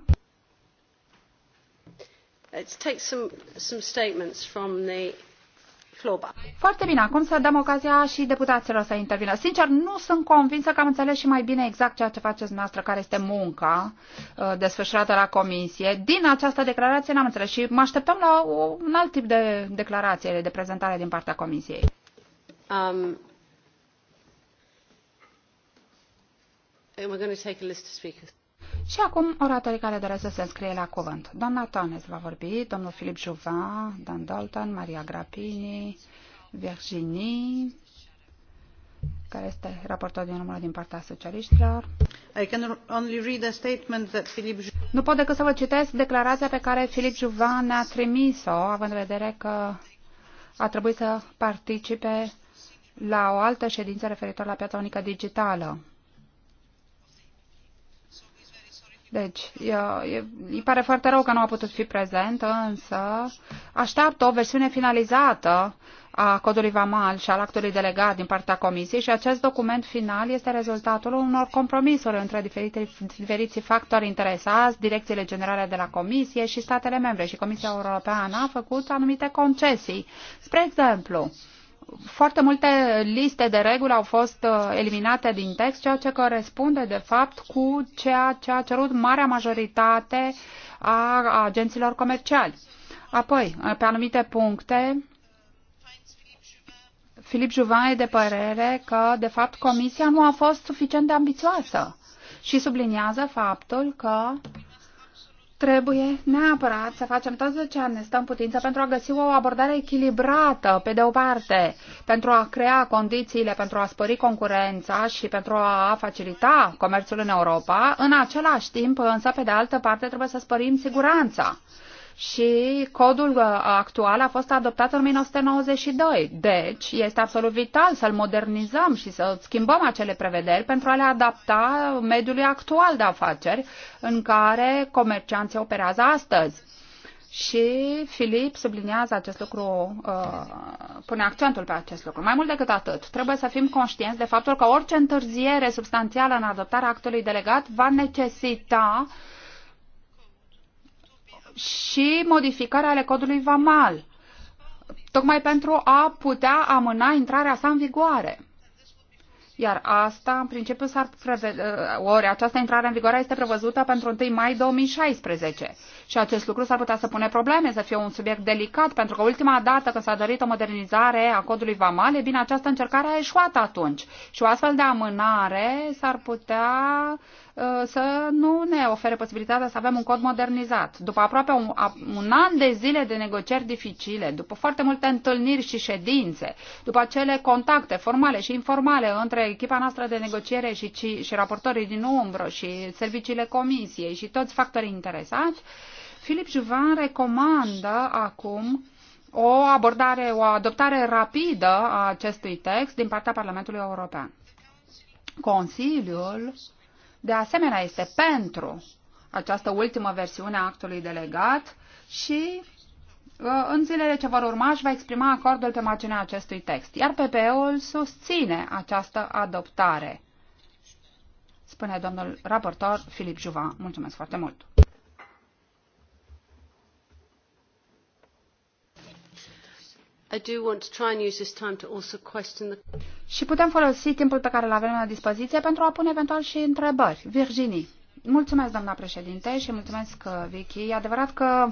Let's take some, some statements from the foarte bine, acum să dăm ocazia și deputaților să intervină. Sincer, nu sunt convinsă că am înțeles și mai bine exact ceea ce faceți noastră, care este munca uh, desfășurată la comisie. Din această declarație n-am înțeles și mă așteptăm la un alt tip de declarație, de prezentare din partea comisiei. Um, we're going to take a list of speakers. Și acum oratorii care doresc să se înscrie la cuvânt. Doamna Tonez va vorbi, domnul Filip Juvan, Dan Dalton, Maria Grapini, Virginie, care este raportor din numărul din partea socialiștilor. I can only read a statement that Philip... Nu pot decât să vă citesc declarația pe care Filip Juvan ne-a trimis-o, având în vedere că a trebuit să participe la o altă ședință referitor la piața unică digitală. Deci, e, îi pare foarte rău că nu a putut fi prezentă, însă așteaptă o versiune finalizată a codului VAMAL și al actului delegat din partea Comisiei și acest document final este rezultatul unor compromisuri între diferite, factori interesați, direcțiile generale de la Comisie și statele membre. Și Comisia Europeană a făcut anumite concesii. Spre exemplu, foarte multe liste de reguli au fost uh, eliminate din text, ceea ce corespunde, de fapt, cu ceea ce a cerut marea majoritate a agenților comerciali. Apoi, uh, pe anumite puncte, Filip Juvan e de părere că, de fapt, Comisia nu a fost suficient de ambițioasă și subliniază faptul că Trebuie neapărat să facem tot ce ne stăm putință pentru a găsi o abordare echilibrată, pe de o parte, pentru a crea condițiile, pentru a spări concurența și pentru a facilita comerțul în Europa. În același timp, însă, pe de altă parte, trebuie să spărim siguranța și codul uh, actual a fost adoptat în 1992. Deci, este absolut vital să-l modernizăm și să schimbăm acele prevederi pentru a le adapta mediului actual de afaceri în care comercianții operează astăzi. Și Filip subliniază acest lucru, uh, pune accentul pe acest lucru. Mai mult decât atât, trebuie să fim conștienți de faptul că orice întârziere substanțială în adoptarea actului delegat va necesita uh, și modificări ale codului VAMAL, tocmai pentru a putea amâna intrarea sa în vigoare. Iar asta, în principiu, s-ar prevede, ori această intrare în vigoare este prevăzută pentru 1 mai 2016. Și acest lucru s-ar putea să pune probleme, să fie un subiect delicat, pentru că ultima dată când s-a dorit o modernizare a codului VAMAL, e bine, această încercare a eșuat atunci. Și o astfel de amânare s-ar putea Uh, să nu ne ofere posibilitatea să avem un cod modernizat. După aproape un, un an de zile de negocieri dificile, după foarte multe întâlniri și ședințe, după acele contacte formale și informale între echipa noastră de negociere și, și, și raportorii din umbră și serviciile comisiei și toți factorii interesați, Filip Juvan recomandă acum o abordare, o adoptare rapidă a acestui text din partea Parlamentului European. Consiliul de asemenea este pentru această ultimă versiune a actului delegat și uh, în zilele ce vor urma își va exprima acordul pe marginea acestui text, iar PPE-ul susține această adoptare, spune domnul raportor Filip Juva. Mulțumesc foarte mult! Și putem folosi timpul pe care îl avem la dispoziție pentru a pune eventual și întrebări. Virginie. Mulțumesc, doamna președinte, și mulțumesc, uh, Vicky. E adevărat că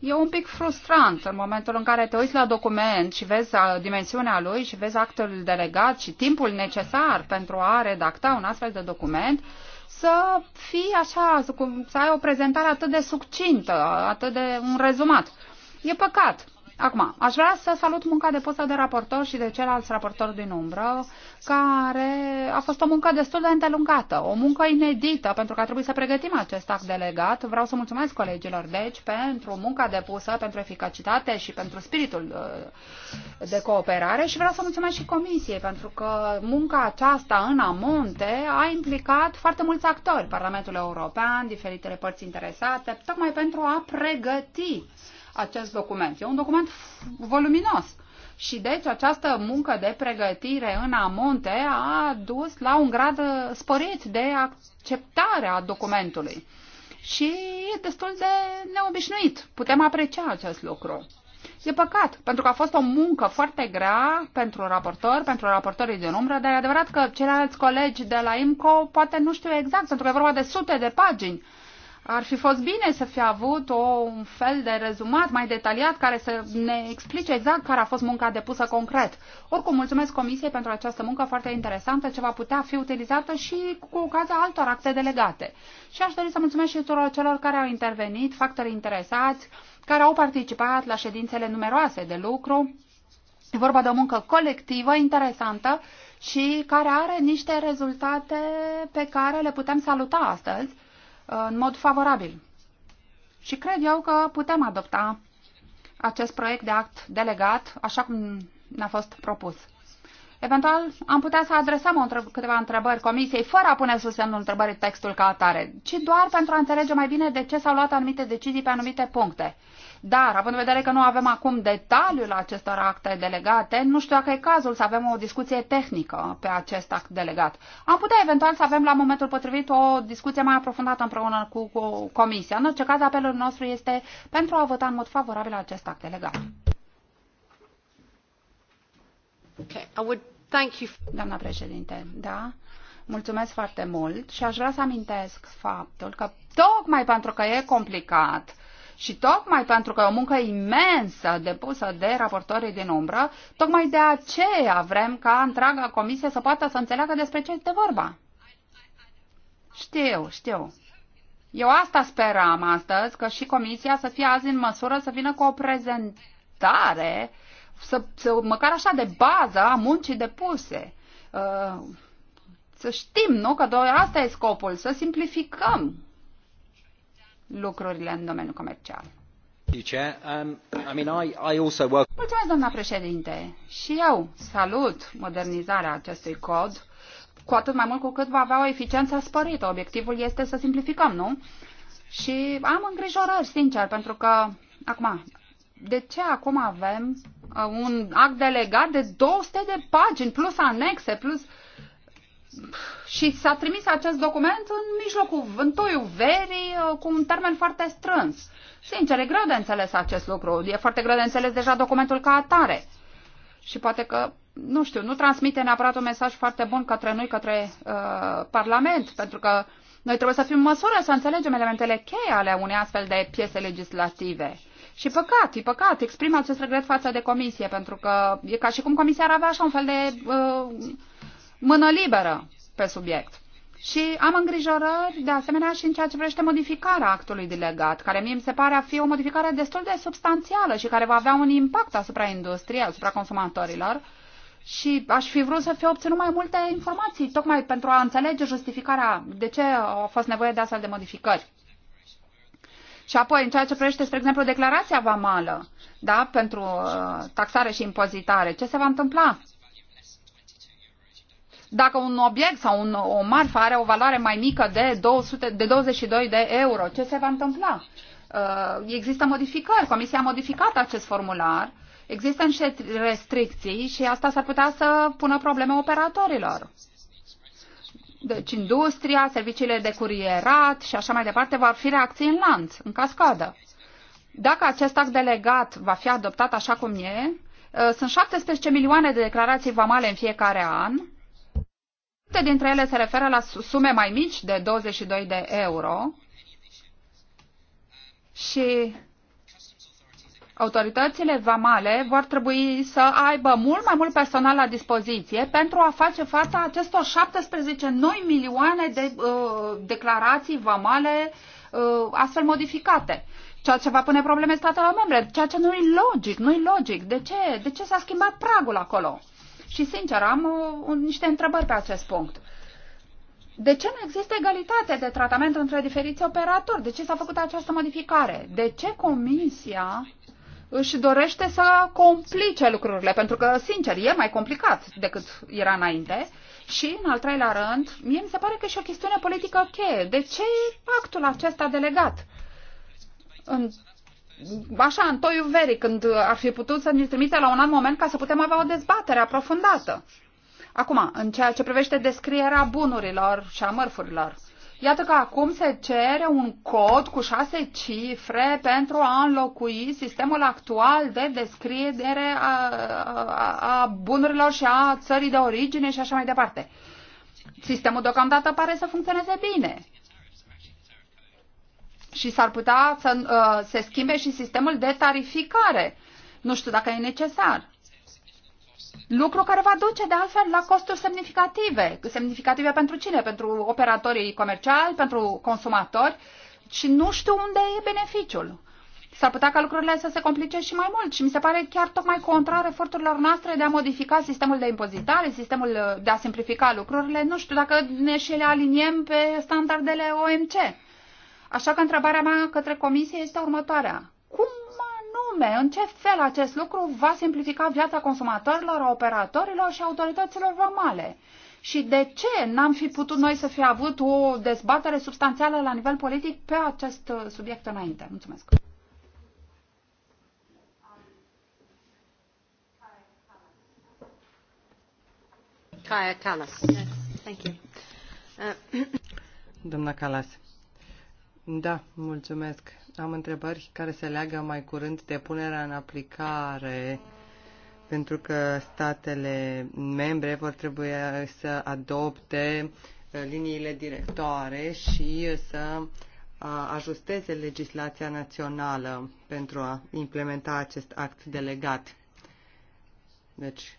e un pic frustrant în momentul în care te uiți la document și vezi uh, dimensiunea lui și vezi actul delegat și timpul necesar pentru a redacta un astfel de document, să fii așa, să ai o prezentare atât de succintă, atât de un rezumat. E păcat, Acum, aș vrea să salut munca depusă de raportor și de ceilalți raportori din umbră, care a fost o muncă destul de îndelungată, o muncă inedită, pentru că a trebuit să pregătim acest act delegat. Vreau să mulțumesc colegilor, deci, pentru munca depusă, pentru eficacitate și pentru spiritul uh, de cooperare și vreau să mulțumesc și comisiei, pentru că munca aceasta în amonte a implicat foarte mulți actori, Parlamentul European, diferitele părți interesate, tocmai pentru a pregăti acest document. E un document voluminos. Și deci această muncă de pregătire în amonte a dus la un grad sporit de acceptare a documentului. Și e destul de neobișnuit. Putem aprecia acest lucru. E păcat, pentru că a fost o muncă foarte grea pentru raportor, pentru raportorii din umbră, dar e adevărat că ceilalți colegi de la IMCO poate nu știu exact, pentru că e vorba de sute de pagini. Ar fi fost bine să fi avut o, un fel de rezumat mai detaliat care să ne explice exact care a fost munca depusă concret. Oricum, mulțumesc Comisiei pentru această muncă foarte interesantă, ce va putea fi utilizată și cu ocazia altor acte delegate. Și aș dori să mulțumesc și tuturor celor care au intervenit, factorii interesați, care au participat la ședințele numeroase de lucru. E vorba de o muncă colectivă, interesantă și care are niște rezultate pe care le putem saluta astăzi în mod favorabil. Și cred eu că putem adopta acest proiect de act delegat așa cum ne-a fost propus. Eventual, am putea să adresăm câteva întrebări comisiei fără a pune sub semnul întrebării textul ca atare, ci doar pentru a înțelege mai bine de ce s-au luat anumite decizii pe anumite puncte. Dar, având în vedere că nu avem acum detaliul acestor acte delegate, nu știu dacă e cazul să avem o discuție tehnică pe acest act delegat. Am putea eventual să avem la momentul potrivit o discuție mai aprofundată împreună cu, cu Comisia. În orice caz, apelul nostru este pentru a vota în mod favorabil acest act delegat. Okay. I would thank you. Doamna președinte, da? Mulțumesc foarte mult și aș vrea să amintesc faptul că tocmai pentru că e complicat, și tocmai pentru că e o muncă imensă depusă de raportorii din umbră, tocmai de aceea vrem ca întreaga comisie să poată să înțeleagă despre ce este vorba. Știu, știu. Eu asta speram astăzi, că și comisia să fie azi în măsură să vină cu o prezentare, să, să, măcar așa de bază, a muncii depuse. Uh, să știm, nu? Că doar asta e scopul, să simplificăm lucrurile în domeniul comercial. Um, Mulțumesc, doamna președinte. Și eu salut modernizarea acestui cod, cu atât mai mult cu cât va avea o eficiență sporită. Obiectivul este să simplificăm, nu? Și am îngrijorări, sincer, pentru că, acum, de ce acum avem uh, un act delegat de 200 de pagini, plus anexe, plus și s-a trimis acest document în mijlocul, în verii, uh, cu un termen foarte strâns. Sincer, e greu de înțeles acest lucru. E foarte greu de înțeles deja documentul ca atare. Și poate că, nu știu, nu transmite neapărat un mesaj foarte bun către noi, către uh, Parlament, pentru că noi trebuie să fim măsură să înțelegem elementele cheie ale unei astfel de piese legislative. Și păcat, e păcat, exprim acest regret față de comisie, pentru că e ca și cum comisia ar avea așa un fel de... Uh, mână liberă pe subiect. Și am îngrijorări, de asemenea, și în ceea ce privește modificarea actului delegat, care mie mi se pare a fi o modificare destul de substanțială și care va avea un impact asupra industriei, asupra consumatorilor. Și aș fi vrut să fi obținut mai multe informații, tocmai pentru a înțelege justificarea de ce a fost nevoie de astfel de modificări. Și apoi, în ceea ce privește, spre exemplu, declarația vamală, da, pentru uh, taxare și impozitare, ce se va întâmpla? Dacă un obiect sau un, o marfă are o valoare mai mică de, 200, de 22 de euro, ce se va întâmpla? Uh, există modificări, Comisia a modificat acest formular, există niște restricții și asta s-ar putea să pună probleme operatorilor. Deci industria, serviciile de curierat și așa mai departe vor fi reacții în lanț, în cascadă. Dacă acest act delegat va fi adoptat așa cum e, uh, sunt 17 milioane de declarații vamale în fiecare an Multe dintre ele se referă la sume mai mici de 22 de euro și autoritățile vamale vor trebui să aibă mult mai mult personal la dispoziție pentru a face fața acestor 17 noi milioane de uh, declarații vamale uh, astfel modificate. Ceea ce va pune probleme statelor membre, ceea ce nu e logic, nu e logic. De ce? De ce s-a schimbat pragul acolo? Și, sincer, am o, uh, niște întrebări pe acest punct. De ce nu există egalitate de tratament între diferiți operatori? De ce s-a făcut această modificare? De ce Comisia își dorește să complice lucrurile? Pentru că, sincer, e mai complicat decât era înainte. Și, în al treilea rând, mie mi se pare că e și o chestiune politică cheie. De ce actul acesta delegat? În așa, în toiu verii, când ar fi putut să ne trimite la un alt moment ca să putem avea o dezbatere aprofundată. Acum, în ceea ce privește descrierea bunurilor și a mărfurilor, Iată că acum se cere un cod cu șase cifre pentru a înlocui sistemul actual de descriere a, a, a bunurilor și a țării de origine și așa mai departe. Sistemul deocamdată pare să funcționeze bine și s-ar putea să uh, se schimbe și sistemul de tarificare. Nu știu dacă e necesar. Lucru care va duce de altfel la costuri semnificative. Semnificative pentru cine? Pentru operatorii comerciali, pentru consumatori și nu știu unde e beneficiul. S-ar putea ca lucrurile să se complice și mai mult și mi se pare chiar tocmai contrar eforturilor noastre de a modifica sistemul de impozitare, sistemul uh, de a simplifica lucrurile. Nu știu dacă ne și le aliniem pe standardele OMC. Așa că întrebarea mea către comisie este următoarea. Cum anume, în ce fel acest lucru va simplifica viața consumatorilor, a operatorilor și autorităților vamale? Și de ce n-am fi putut noi să fi avut o dezbatere substanțială la nivel politic pe acest uh, subiect înainte? Mulțumesc! Kaya Kallas. Yes, thank you. Uh, Doamna uh, da, mulțumesc. Am întrebări care se leagă mai curând de punerea în aplicare, pentru că statele membre vor trebui să adopte uh, liniile directoare și să uh, ajusteze legislația națională pentru a implementa acest act delegat. Deci,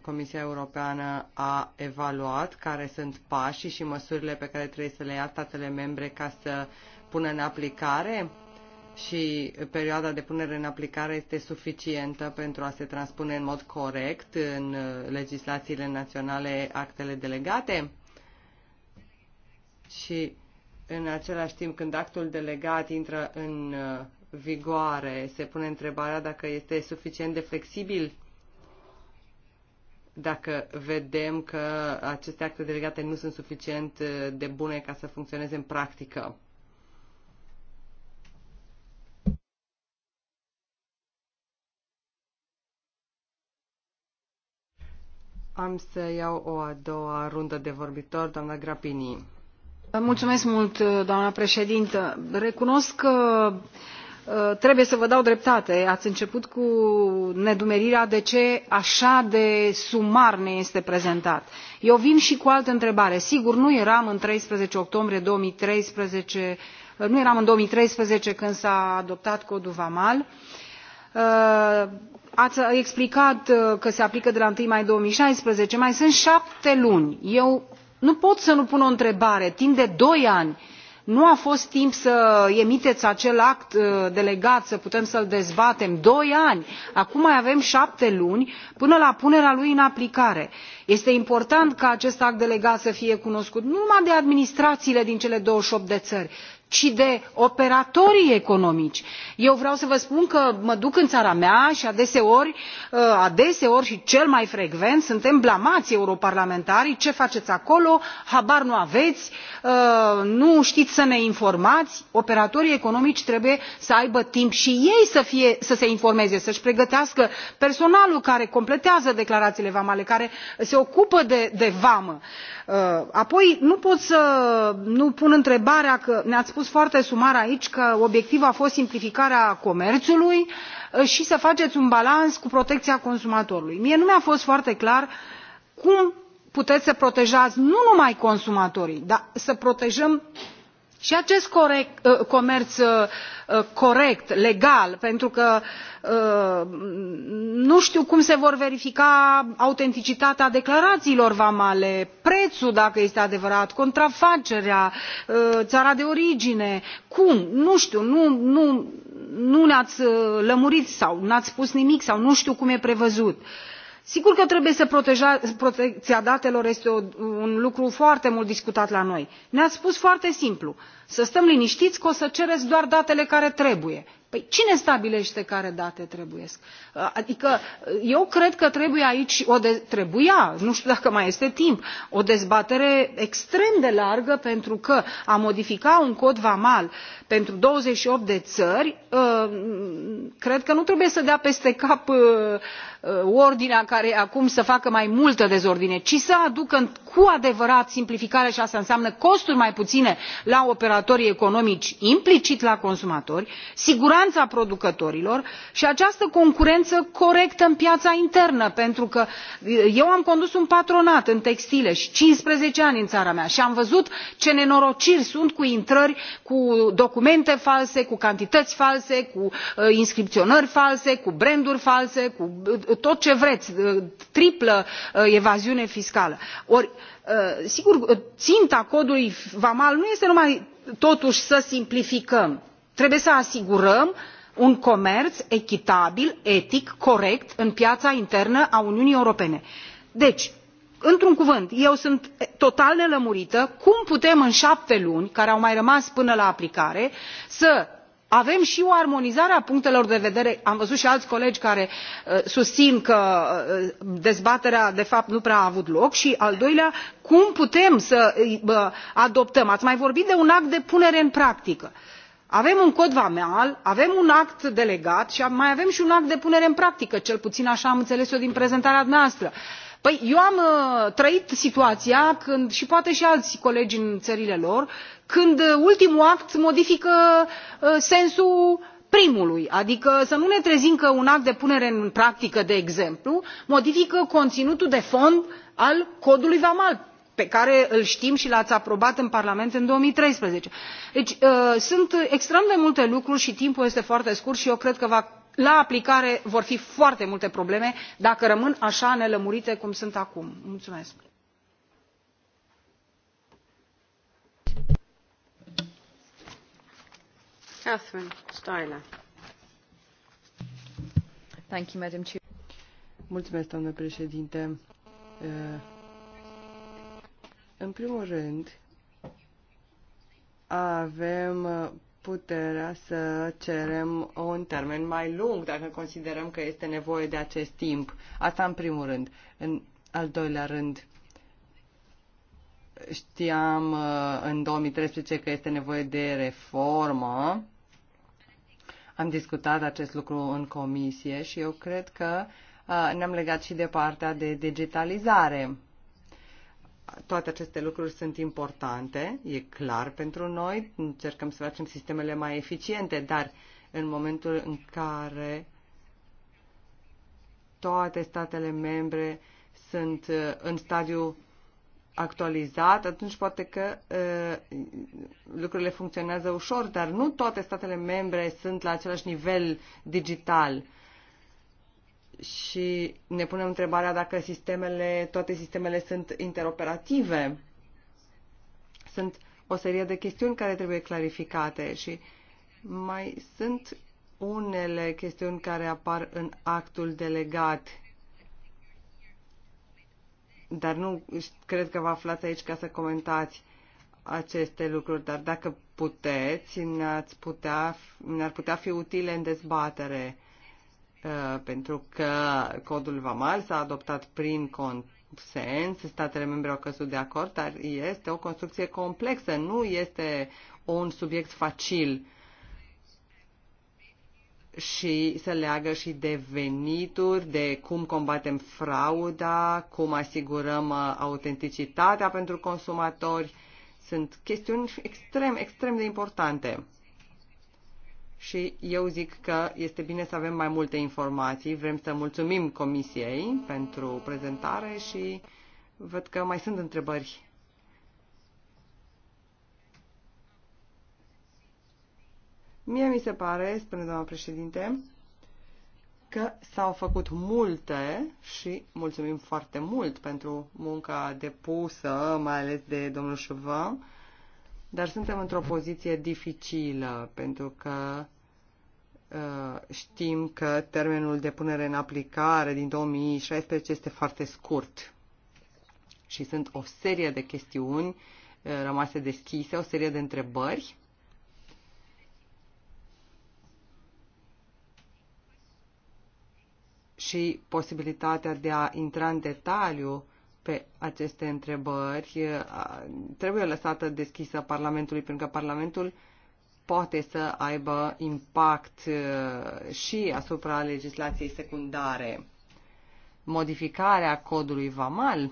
Comisia Europeană a evaluat care sunt pașii și măsurile pe care trebuie să le ia statele membre ca să pună în aplicare și perioada de punere în aplicare este suficientă pentru a se transpune în mod corect în uh, legislațiile naționale actele delegate? Și în același timp, când actul delegat intră în uh, vigoare, se pune întrebarea dacă este suficient de flexibil dacă vedem că aceste acte delegate nu sunt suficient uh, de bune ca să funcționeze în practică. Am să iau o a doua rundă de vorbitor, doamna Grapini. Mulțumesc mult, doamna președintă. Recunosc că uh, Uh, trebuie să vă dau dreptate ați început cu nedumerirea de ce așa de sumar ne este prezentat. eu vin și cu altă întrebare sigur nu eram în treisprezece octombrie două mii treisprezece uh, nu eram în două mii treisprezece când s a adoptat codul vamal uh, ați explicat că se aplică de la unu mai două mii șaisprezece mai sunt șapte luni. eu nu pot să nu pun o întrebare timp de doi ani nu a fost timp să emiteți acel act uh, delegat să putem să l dezbatem doi ani acum mai avem șapte luni până la punerea lui în aplicare. este important ca acest act delegat să fie cunoscut nu numai de administrațiile din cele douăzeci și opt de țări ci de operatorii economici. eu vreau să vă spun că mă duc în țara mea și adeseori, uh, adeseori și cel mai frecvent suntem blamați europarlamentarii ce faceți acolo habar nu aveți uh, nu știți să ne informați. operatorii economici trebuie să aibă timp și ei să, fie, să se informeze să își pregătească personalul care completează declarațiile vamale care se ocupă de, de vamă. Uh, apoi nu pot să nu pun întrebarea că ne ați spus foarte sumar aici că obiectivul a fost simplificarea comerțului uh, și să faceți un balans cu protecția consumatorului. mie nu mi a fost foarte clar cum puteți să protejați nu numai consumatorii dar să protejăm și acest uh, comerț uh, uh, corect legal pentru că nu știu cum se vor verifica autenticitatea declarațiilor vamale prețul dacă este adevărat contrafacerea țara de origine cum nu știu nu, nu, nu ne ați lămurit sau nu ați spus nimic sau nu știu cum e prevăzut sigur că trebuie să protecția datelor este un lucru foarte mult discutat la noi ne ați spus foarte simplu să stăm liniștiți că o să cereți doar datele care trebuie. păi cine stabilește care date trebuie? adică eu cred că trebuie aici o de, trebuia nu știu dacă mai este timp o dezbatere extrem de largă pentru că a modifica un cod vamal pentru douăzeci și opt de țări uh, cred că nu trebuie să dea peste cap uh, uh, ordinea care acum să facă mai multă dezordine ci să aducă cu adevărat simplificare și asta înseamnă costuri mai puține la operatorii economici implicit la consumatori siguranța producătorilor și această concurență corectă în piața internă pentru că eu am condus un patronat în textile și cincisprezece ani în țara mea și am văzut ce nenorociri sunt cu intrări cu documente documente false cu cantități false cu uh, inscripționări false cu branduri false cu uh, tot ce vreți uh, triplă evaziune fiscală. ori sigur ținta codului vamal nu este numai totuși să simplificăm trebuie să asigurăm un comerț echitabil etic corect în piața internă a uniunii europene. deci într un cuvânt eu sunt total nelămurită cum putem în șapte luni care au mai rămas până la aplicare să avem și o armonizare a punctelor de vedere am văzut și alți colegi care uh, susțin că uh, dezbaterea de fapt nu prea a avut loc și al doilea cum putem să adoptăm ați mai vorbit de un act de punere în practică avem un cod vamal avem un act delegat și mai avem și un act de punere în practică cel puțin așa am înțeles eu din prezentarea dumneavoastră. Păi, eu am uh, trăit situația când și poate și alți colegi în țările lor când uh, ultimul act modifică uh, sensul primului adică să nu ne trezim că un act de punere în practică de exemplu modifică conținutul de fond al codului vamal pe care îl știm și l ați aprobat în parlament în. două mii treisprezece deci sunt extrem de multe lucruri și timpul este foarte scurt și eu cred că va la aplicare vor fi foarte multe probleme dacă rămân așa nelămurite cum sunt acum. mulțumesc. Mulțumesc, doamnă președinte. În primul rând, avem puterea să cerem un termen mai lung dacă considerăm că este nevoie de acest timp. Asta în primul rând. În al doilea rând, știam uh, în 2013 că este nevoie de reformă. Am discutat acest lucru în comisie și eu cred că uh, ne-am legat și de partea de digitalizare toate aceste lucruri sunt importante, e clar pentru noi, încercăm să facem sistemele mai eficiente, dar în momentul în care toate statele membre sunt uh, în stadiu actualizat, atunci poate că uh, lucrurile funcționează ușor, dar nu toate statele membre sunt la același nivel digital și ne punem întrebarea dacă sistemele, toate sistemele sunt interoperative. Sunt o serie de chestiuni care trebuie clarificate și mai sunt unele chestiuni care apar în actul delegat. Dar nu cred că vă aflați aici ca să comentați aceste lucruri, dar dacă puteți, ne-ar putea, ne putea fi utile în dezbatere Uh, pentru că codul VAMAL s-a adoptat prin consens, statele membre au căzut de acord, dar este o construcție complexă, nu este un subiect facil și se leagă și de venituri, de cum combatem frauda, cum asigurăm uh, autenticitatea pentru consumatori. Sunt chestiuni extrem, extrem de importante și eu zic că este bine să avem mai multe informații. Vrem să mulțumim Comisiei pentru prezentare și văd că mai sunt întrebări. Mie mi se pare, spune doamna președinte, că s-au făcut multe și mulțumim foarte mult pentru munca depusă, mai ales de domnul Chauvin dar suntem într-o poziție dificilă, pentru că uh, știm că termenul de punere în aplicare din 2016 este foarte scurt și sunt o serie de chestiuni uh, rămase deschise, o serie de întrebări. și posibilitatea de a intra în detaliu pe aceste întrebări trebuie lăsată deschisă Parlamentului, pentru că Parlamentul poate să aibă impact și asupra legislației secundare. Modificarea codului VAMAL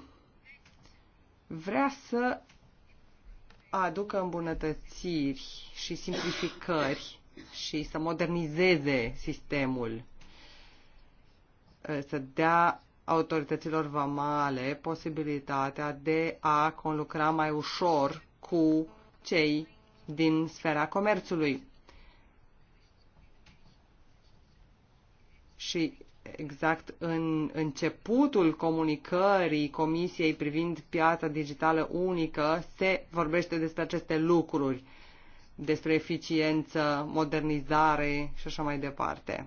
vrea să aducă îmbunătățiri și simplificări și să modernizeze sistemul, să dea autorităților vamale posibilitatea de a conlucra mai ușor cu cei din sfera comerțului. Și exact în începutul comunicării Comisiei privind piața digitală unică se vorbește despre aceste lucruri, despre eficiență, modernizare și așa mai departe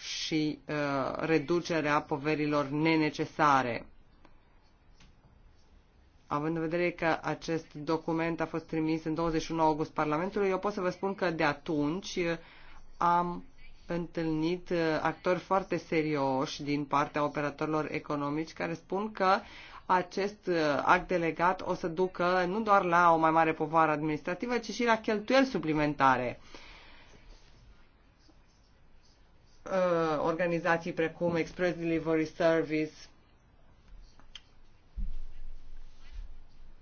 și uh, reducerea poverilor nenecesare. Având în vedere că acest document a fost trimis în 21 august Parlamentului, eu pot să vă spun că de atunci uh, am întâlnit uh, actori foarte serioși din partea operatorilor economici care spun că acest uh, act delegat o să ducă nu doar la o mai mare povară administrativă, ci și la cheltuieli suplimentare. Uh, Uh, organizații precum Express Delivery Service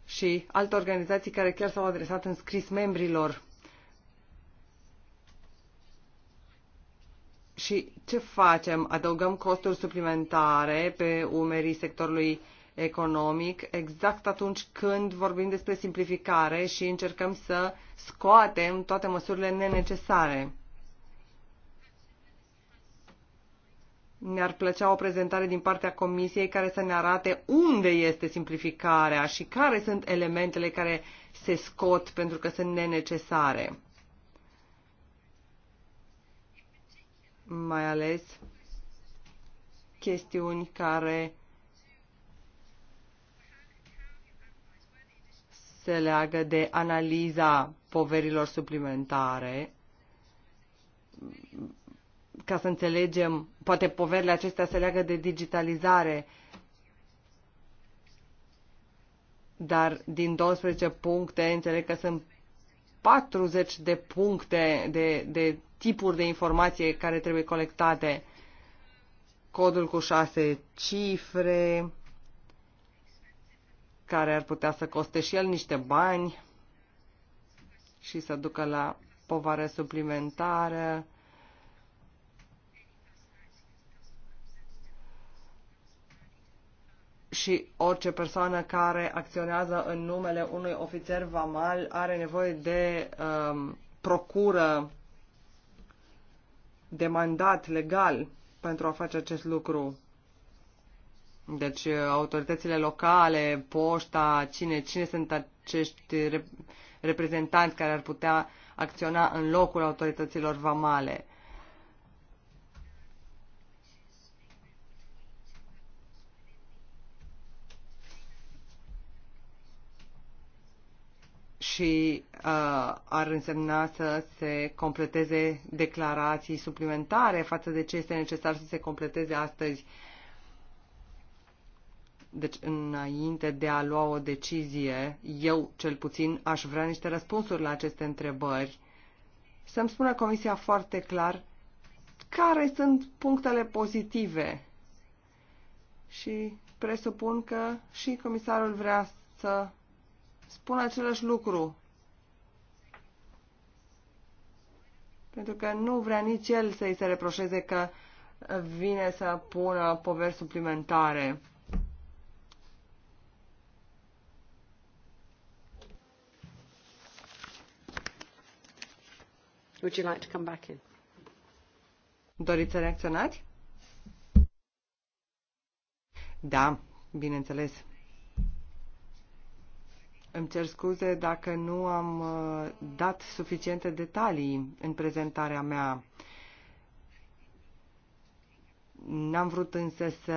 și alte organizații care chiar s-au adresat în scris membrilor. Și ce facem? Adăugăm costuri suplimentare pe umerii sectorului economic exact atunci când vorbim despre simplificare și încercăm să scoatem toate măsurile nenecesare. mi-ar plăcea o prezentare din partea Comisiei care să ne arate unde este simplificarea și care sunt elementele care se scot pentru că sunt nenecesare. Mai ales chestiuni care se leagă de analiza poverilor suplimentare ca să înțelegem poate poverile acestea se leagă de digitalizare, dar din 12 puncte înțeleg că sunt 40 de puncte, de, de tipuri de informație care trebuie colectate. Codul cu șase cifre, care ar putea să coste și el niște bani și să ducă la povară suplimentară și orice persoană care acționează în numele unui ofițer vamal are nevoie de um, procură de mandat legal pentru a face acest lucru. Deci uh, autoritățile locale, poșta, cine, cine sunt acești reprezentanți care ar putea acționa în locul autorităților vamale. și uh, ar însemna să se completeze declarații suplimentare față de ce este necesar să se completeze astăzi. Deci, înainte de a lua o decizie, eu cel puțin aș vrea niște răspunsuri la aceste întrebări. Să-mi spună Comisia foarte clar care sunt punctele pozitive. Și presupun că și comisarul vrea să spun același lucru. Pentru că nu vrea nici el să-i se reproșeze că vine să pună poveri suplimentare. Would you like to come back in? Doriți să reacționați? Da, bineînțeles. Îmi cer scuze dacă nu am uh, dat suficiente detalii în prezentarea mea. N-am vrut însă să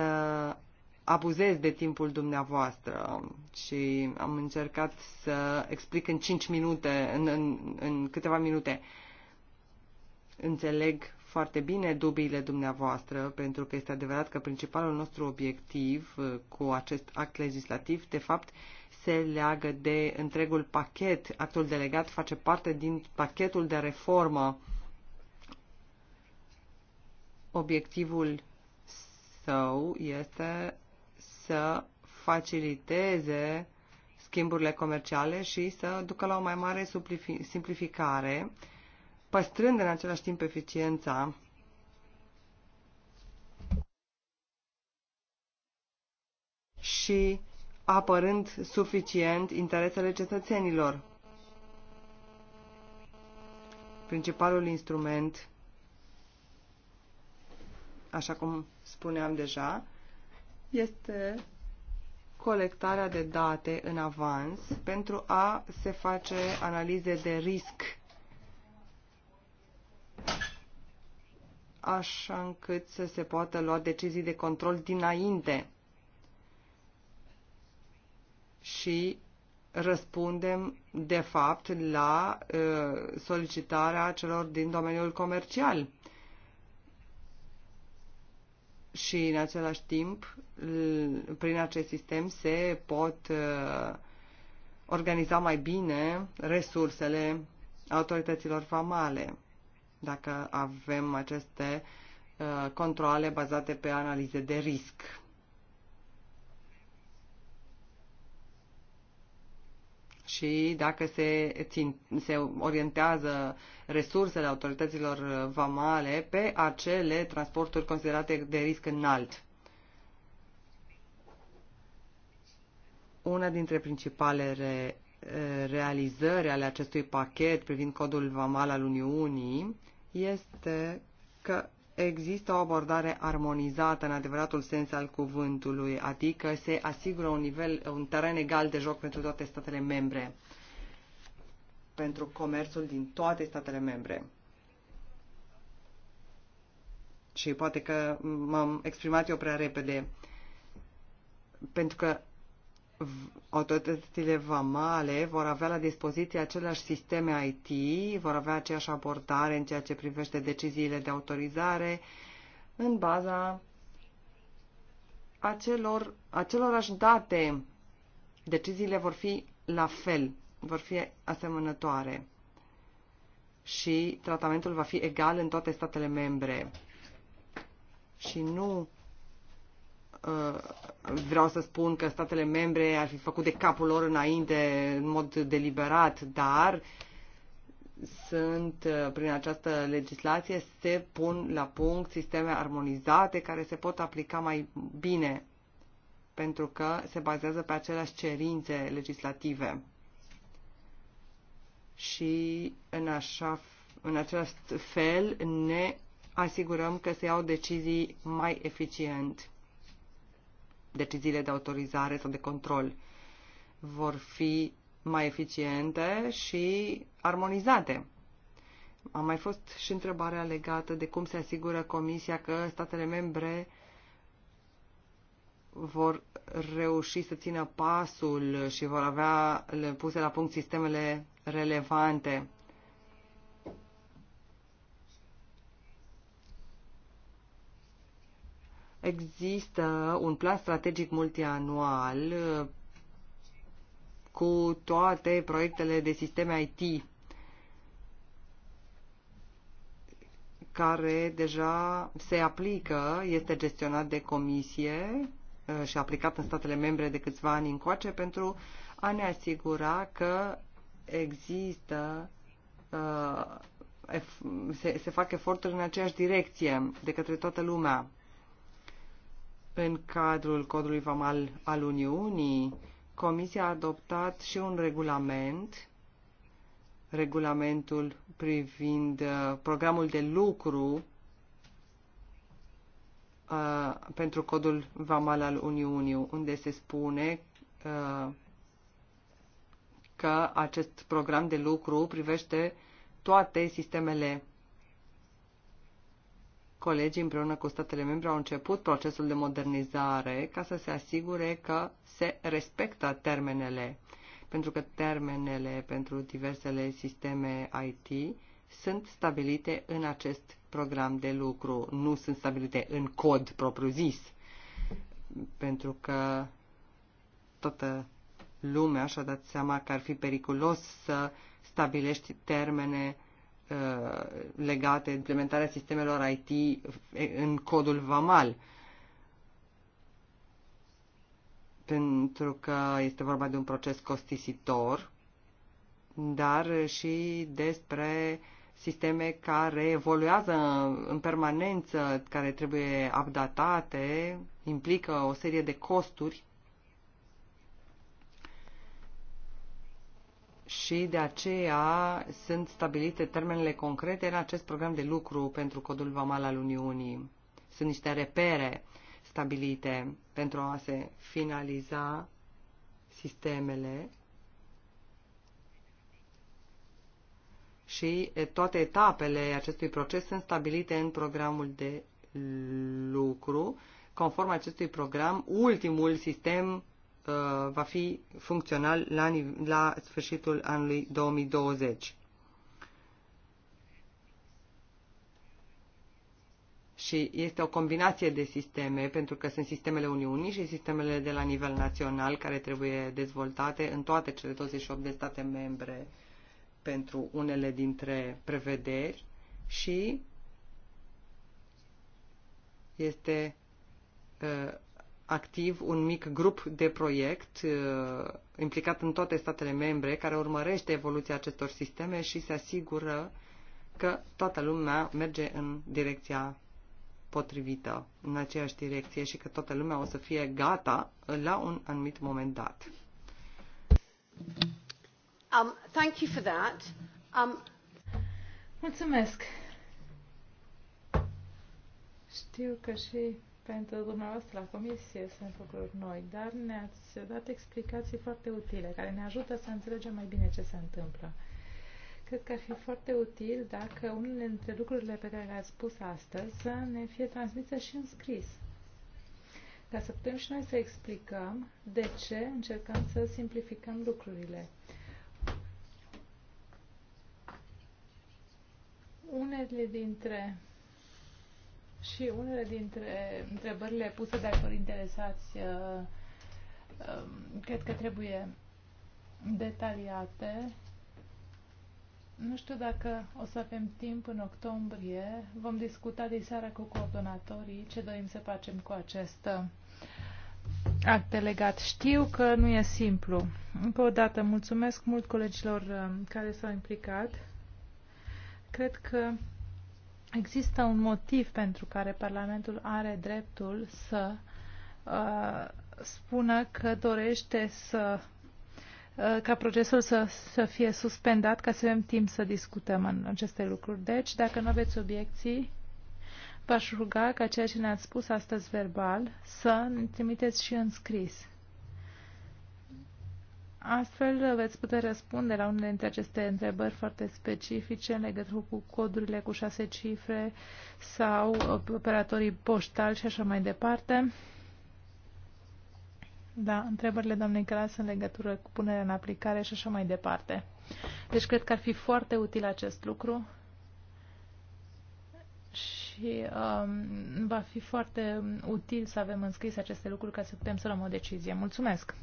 abuzez de timpul dumneavoastră și am încercat să explic în 5 minute, în, în, în câteva minute. Înțeleg foarte bine dubiile dumneavoastră, pentru că este adevărat că principalul nostru obiectiv uh, cu acest act legislativ, de fapt, se leagă de întregul pachet. Actul delegat face parte din pachetul de reformă. Obiectivul său este să faciliteze schimburile comerciale și să ducă la o mai mare simplificare, păstrând în același timp eficiența și apărând suficient interesele cetățenilor. Principalul instrument, așa cum spuneam deja, este colectarea de date în avans pentru a se face analize de risc așa încât să se poată lua decizii de control dinainte și răspundem, de fapt, la uh, solicitarea celor din domeniul comercial. Și, în același timp, prin acest sistem se pot uh, organiza mai bine resursele autorităților famale, dacă avem aceste uh, controle bazate pe analize de risc. și dacă se, țin, se orientează resursele autorităților vamale pe acele transporturi considerate de risc înalt. Una dintre principalele realizări ale acestui pachet privind codul vamal al Uniunii este că există o abordare armonizată în adevăratul sens al cuvântului, adică se asigură un, nivel, un teren egal de joc pentru toate statele membre, pentru comerțul din toate statele membre. Și poate că m-am exprimat eu prea repede, pentru că autoritățile vamale vor avea la dispoziție aceleași sisteme IT, vor avea aceeași abordare în ceea ce privește deciziile de autorizare în baza acelor, acelorași date. Deciziile vor fi la fel, vor fi asemănătoare și tratamentul va fi egal în toate statele membre și nu Uh, vreau să spun că statele membre ar fi făcut de capul lor înainte în mod deliberat, dar sunt, uh, prin această legislație, se pun la punct sisteme armonizate care se pot aplica mai bine pentru că se bazează pe aceleași cerințe legislative. Și în, așa, în acest fel ne asigurăm că se iau decizii mai eficient deciziile de autorizare sau de control vor fi mai eficiente și armonizate. A mai fost și întrebarea legată de cum se asigură Comisia că statele membre vor reuși să țină pasul și vor avea puse la punct sistemele relevante Există un plan strategic multianual uh, cu toate proiectele de sisteme IT care deja se aplică, este gestionat de comisie uh, și aplicat în statele membre de câțiva ani încoace pentru a ne asigura că există uh, se, se fac eforturi în aceeași direcție de către toată lumea. În cadrul codului vamal al Uniunii, Comisia a adoptat și un regulament, regulamentul privind uh, programul de lucru uh, pentru codul vamal al Uniunii, unde se spune uh, că acest program de lucru privește toate sistemele colegii împreună cu statele membre au început procesul de modernizare ca să se asigure că se respectă termenele, pentru că termenele pentru diversele sisteme IT sunt stabilite în acest program de lucru, nu sunt stabilite în cod propriu-zis, pentru că toată lumea și-a dat seama că ar fi periculos să stabilești termene uh, Uh, legate, implementarea sistemelor IT în codul VAMAL. Pentru că este vorba de un proces costisitor, dar și despre sisteme care evoluează în permanență, care trebuie updatate, implică o serie de costuri și de aceea sunt stabilite termenele concrete în acest program de lucru pentru codul vamal al Uniunii. Sunt niște repere stabilite pentru a se finaliza sistemele și toate etapele acestui proces sunt stabilite în programul de lucru. Conform acestui program, ultimul sistem Uh, va fi funcțional la, la sfârșitul anului 2020. și este o combinație de sisteme, pentru că sunt sistemele Uniunii și sistemele de la nivel național care trebuie dezvoltate în toate cele 28 de state membre pentru unele dintre prevederi și este uh, activ un mic grup de proiect uh, implicat în toate statele membre care urmărește evoluția acestor sisteme și se asigură că toată lumea merge în direcția potrivită, în aceeași direcție și că toată lumea o să fie gata la un anumit moment dat. Um, thank you for that. Um... Mulțumesc. Știu că și pentru dumneavoastră la comisie sunt lucruri noi, dar ne-ați dat explicații foarte utile, care ne ajută să înțelegem mai bine ce se întâmplă. Cred că ar fi foarte util dacă unele dintre lucrurile pe care le-ați spus astăzi să ne fie transmise și în scris. Ca să putem și noi să explicăm de ce încercăm să simplificăm lucrurile. Unele dintre și unele dintre întrebările puse de acolo interesați uh, um, cred că trebuie detaliate. Nu știu dacă o să avem timp în octombrie. Vom discuta de seara cu coordonatorii ce dorim să facem cu acest uh, act delegat. Știu că nu e simplu. Încă o dată mulțumesc mult colegilor uh, care s-au implicat. Cred că Există un motiv pentru care Parlamentul are dreptul să uh, spună că dorește să uh, ca procesul să, să fie suspendat ca să avem timp să discutăm în aceste lucruri. Deci, dacă nu aveți obiecții, v-aș ruga ca ceea ce ne-ați spus astăzi verbal să ne trimiteți și în scris. Astfel veți putea răspunde la unele dintre aceste întrebări foarte specifice în legătură cu codurile cu șase cifre sau uh, operatorii poștali și așa mai departe. Da, întrebările doamnei Cras în legătură cu punerea în aplicare și așa mai departe. Deci cred că ar fi foarte util acest lucru și um, va fi foarte util să avem înscris aceste lucruri ca să putem să luăm o decizie. Mulțumesc!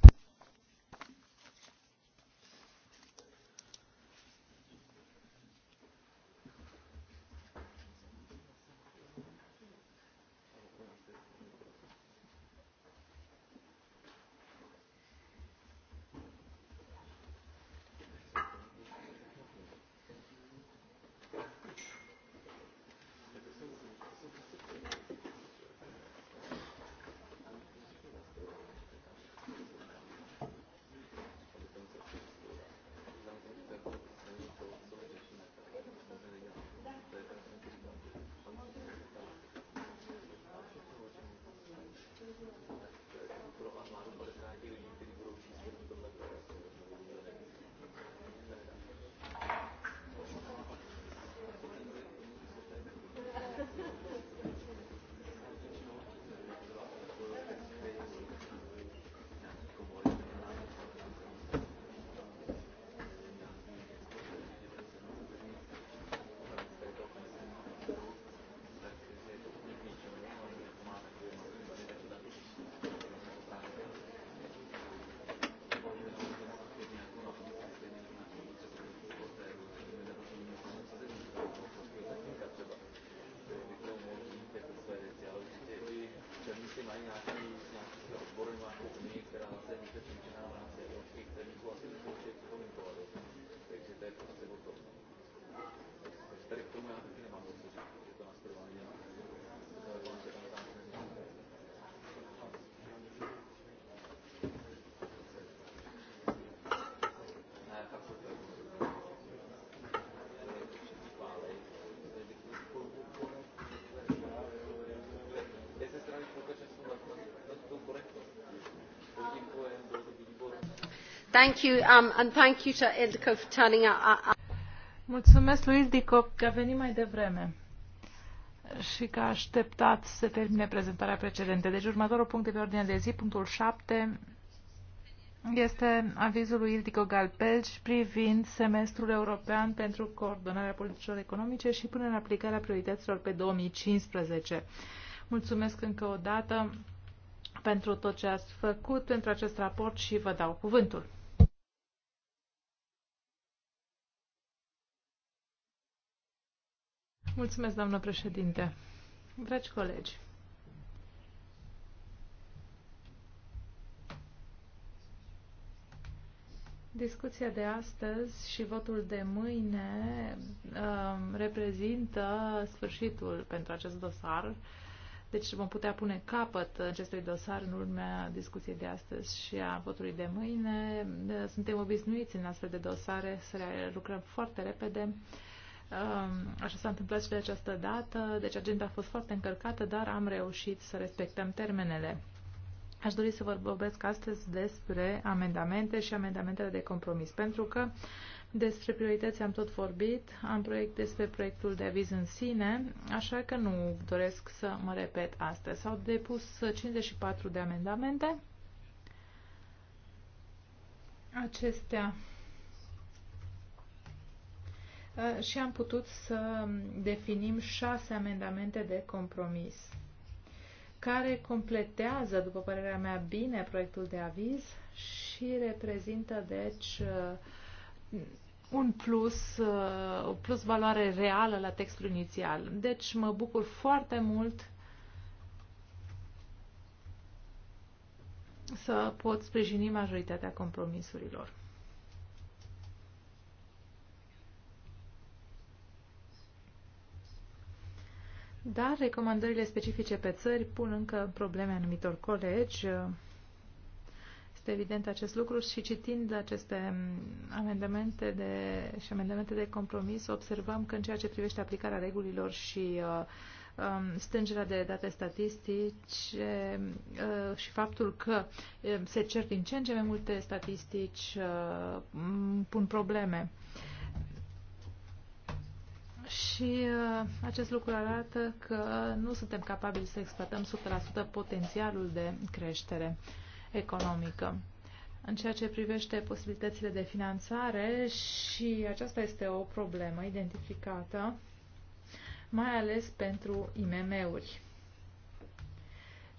Mulțumesc lui Ildiko că a venit mai devreme și că a așteptat să termine prezentarea precedentă. Deci următorul punct de pe ordine de zi, punctul 7, este avizul lui Ildico Galpelci privind semestrul european pentru coordonarea politicilor economice și până în aplicarea priorităților pe 2015. Mulțumesc încă o dată pentru tot ce ați făcut pentru acest raport și vă dau cuvântul. Mulțumesc, doamnă președinte. Dragi colegi, Discuția de astăzi și votul de mâine uh, reprezintă sfârșitul pentru acest dosar. Deci vom putea pune capăt acestui dosar în urmea discuției de astăzi și a votului de mâine. Suntem obișnuiți în astfel de dosare să lucrăm foarte repede. Uh, Ehm, așa s-a întâmplat și de această dată, deci agenda a fost foarte încărcată, dar am reușit să respectăm termenele. Aș dori să vorbesc astăzi despre amendamente și amendamentele de compromis, pentru că despre priorități am tot vorbit, am proiect despre proiectul de aviz în sine, așa că nu doresc să mă repet astăzi. S-au depus 54 de amendamente. Acestea Uh, și am putut să definim șase amendamente de compromis care completează, după părerea mea, bine proiectul de aviz și reprezintă, deci, uh, un plus, uh, o plus valoare reală la textul inițial. Deci mă bucur foarte mult să pot sprijini majoritatea compromisurilor. Dar recomandările specifice pe țări pun încă probleme anumitor colegi. Este evident acest lucru și citind aceste amendamente de, și amendamente de compromis, observăm că în ceea ce privește aplicarea regulilor și uh, um, stângerea de date statistice uh, și faptul că um, se cer din ce în ce mai multe statistici uh, pun probleme. Și uh, acest lucru arată că nu suntem capabili să exploatăm 100% potențialul de creștere economică. În ceea ce privește posibilitățile de finanțare, și aceasta este o problemă identificată, mai ales pentru IMM-uri.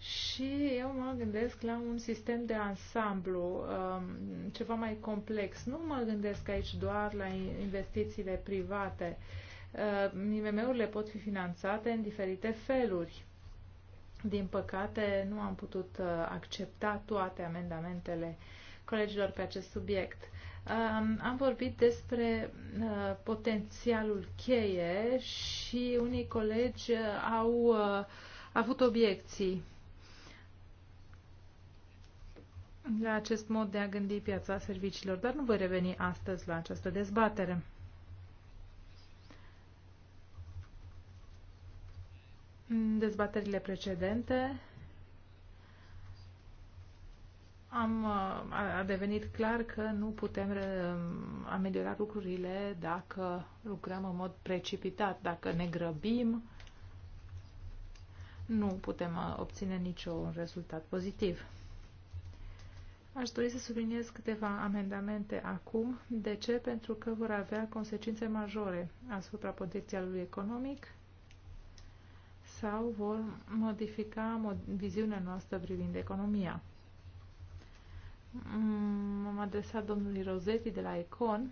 Și eu mă gândesc la un sistem de ansamblu, um, ceva mai complex. Nu mă gândesc aici doar la investițiile private, Uh, IMM-urile pot fi finanțate în diferite feluri. Din păcate, nu am putut uh, accepta toate amendamentele colegilor pe acest subiect. Um, am vorbit despre uh, potențialul cheie și unii colegi au avut obiecții la acest mod de a gândi piața serviciilor, dar nu voi reveni astăzi la această dezbatere. În dezbaterile precedente am, a devenit clar că nu putem ameliora lucrurile dacă lucrăm în mod precipitat, dacă ne grăbim, nu putem obține niciun rezultat pozitiv. Aș dori să subliniez câteva amendamente acum. De ce? Pentru că vor avea consecințe majore asupra potențialului economic, sau vor modifica viziunea noastră privind economia. M-am mm, adresat domnului Rosetti de la Econ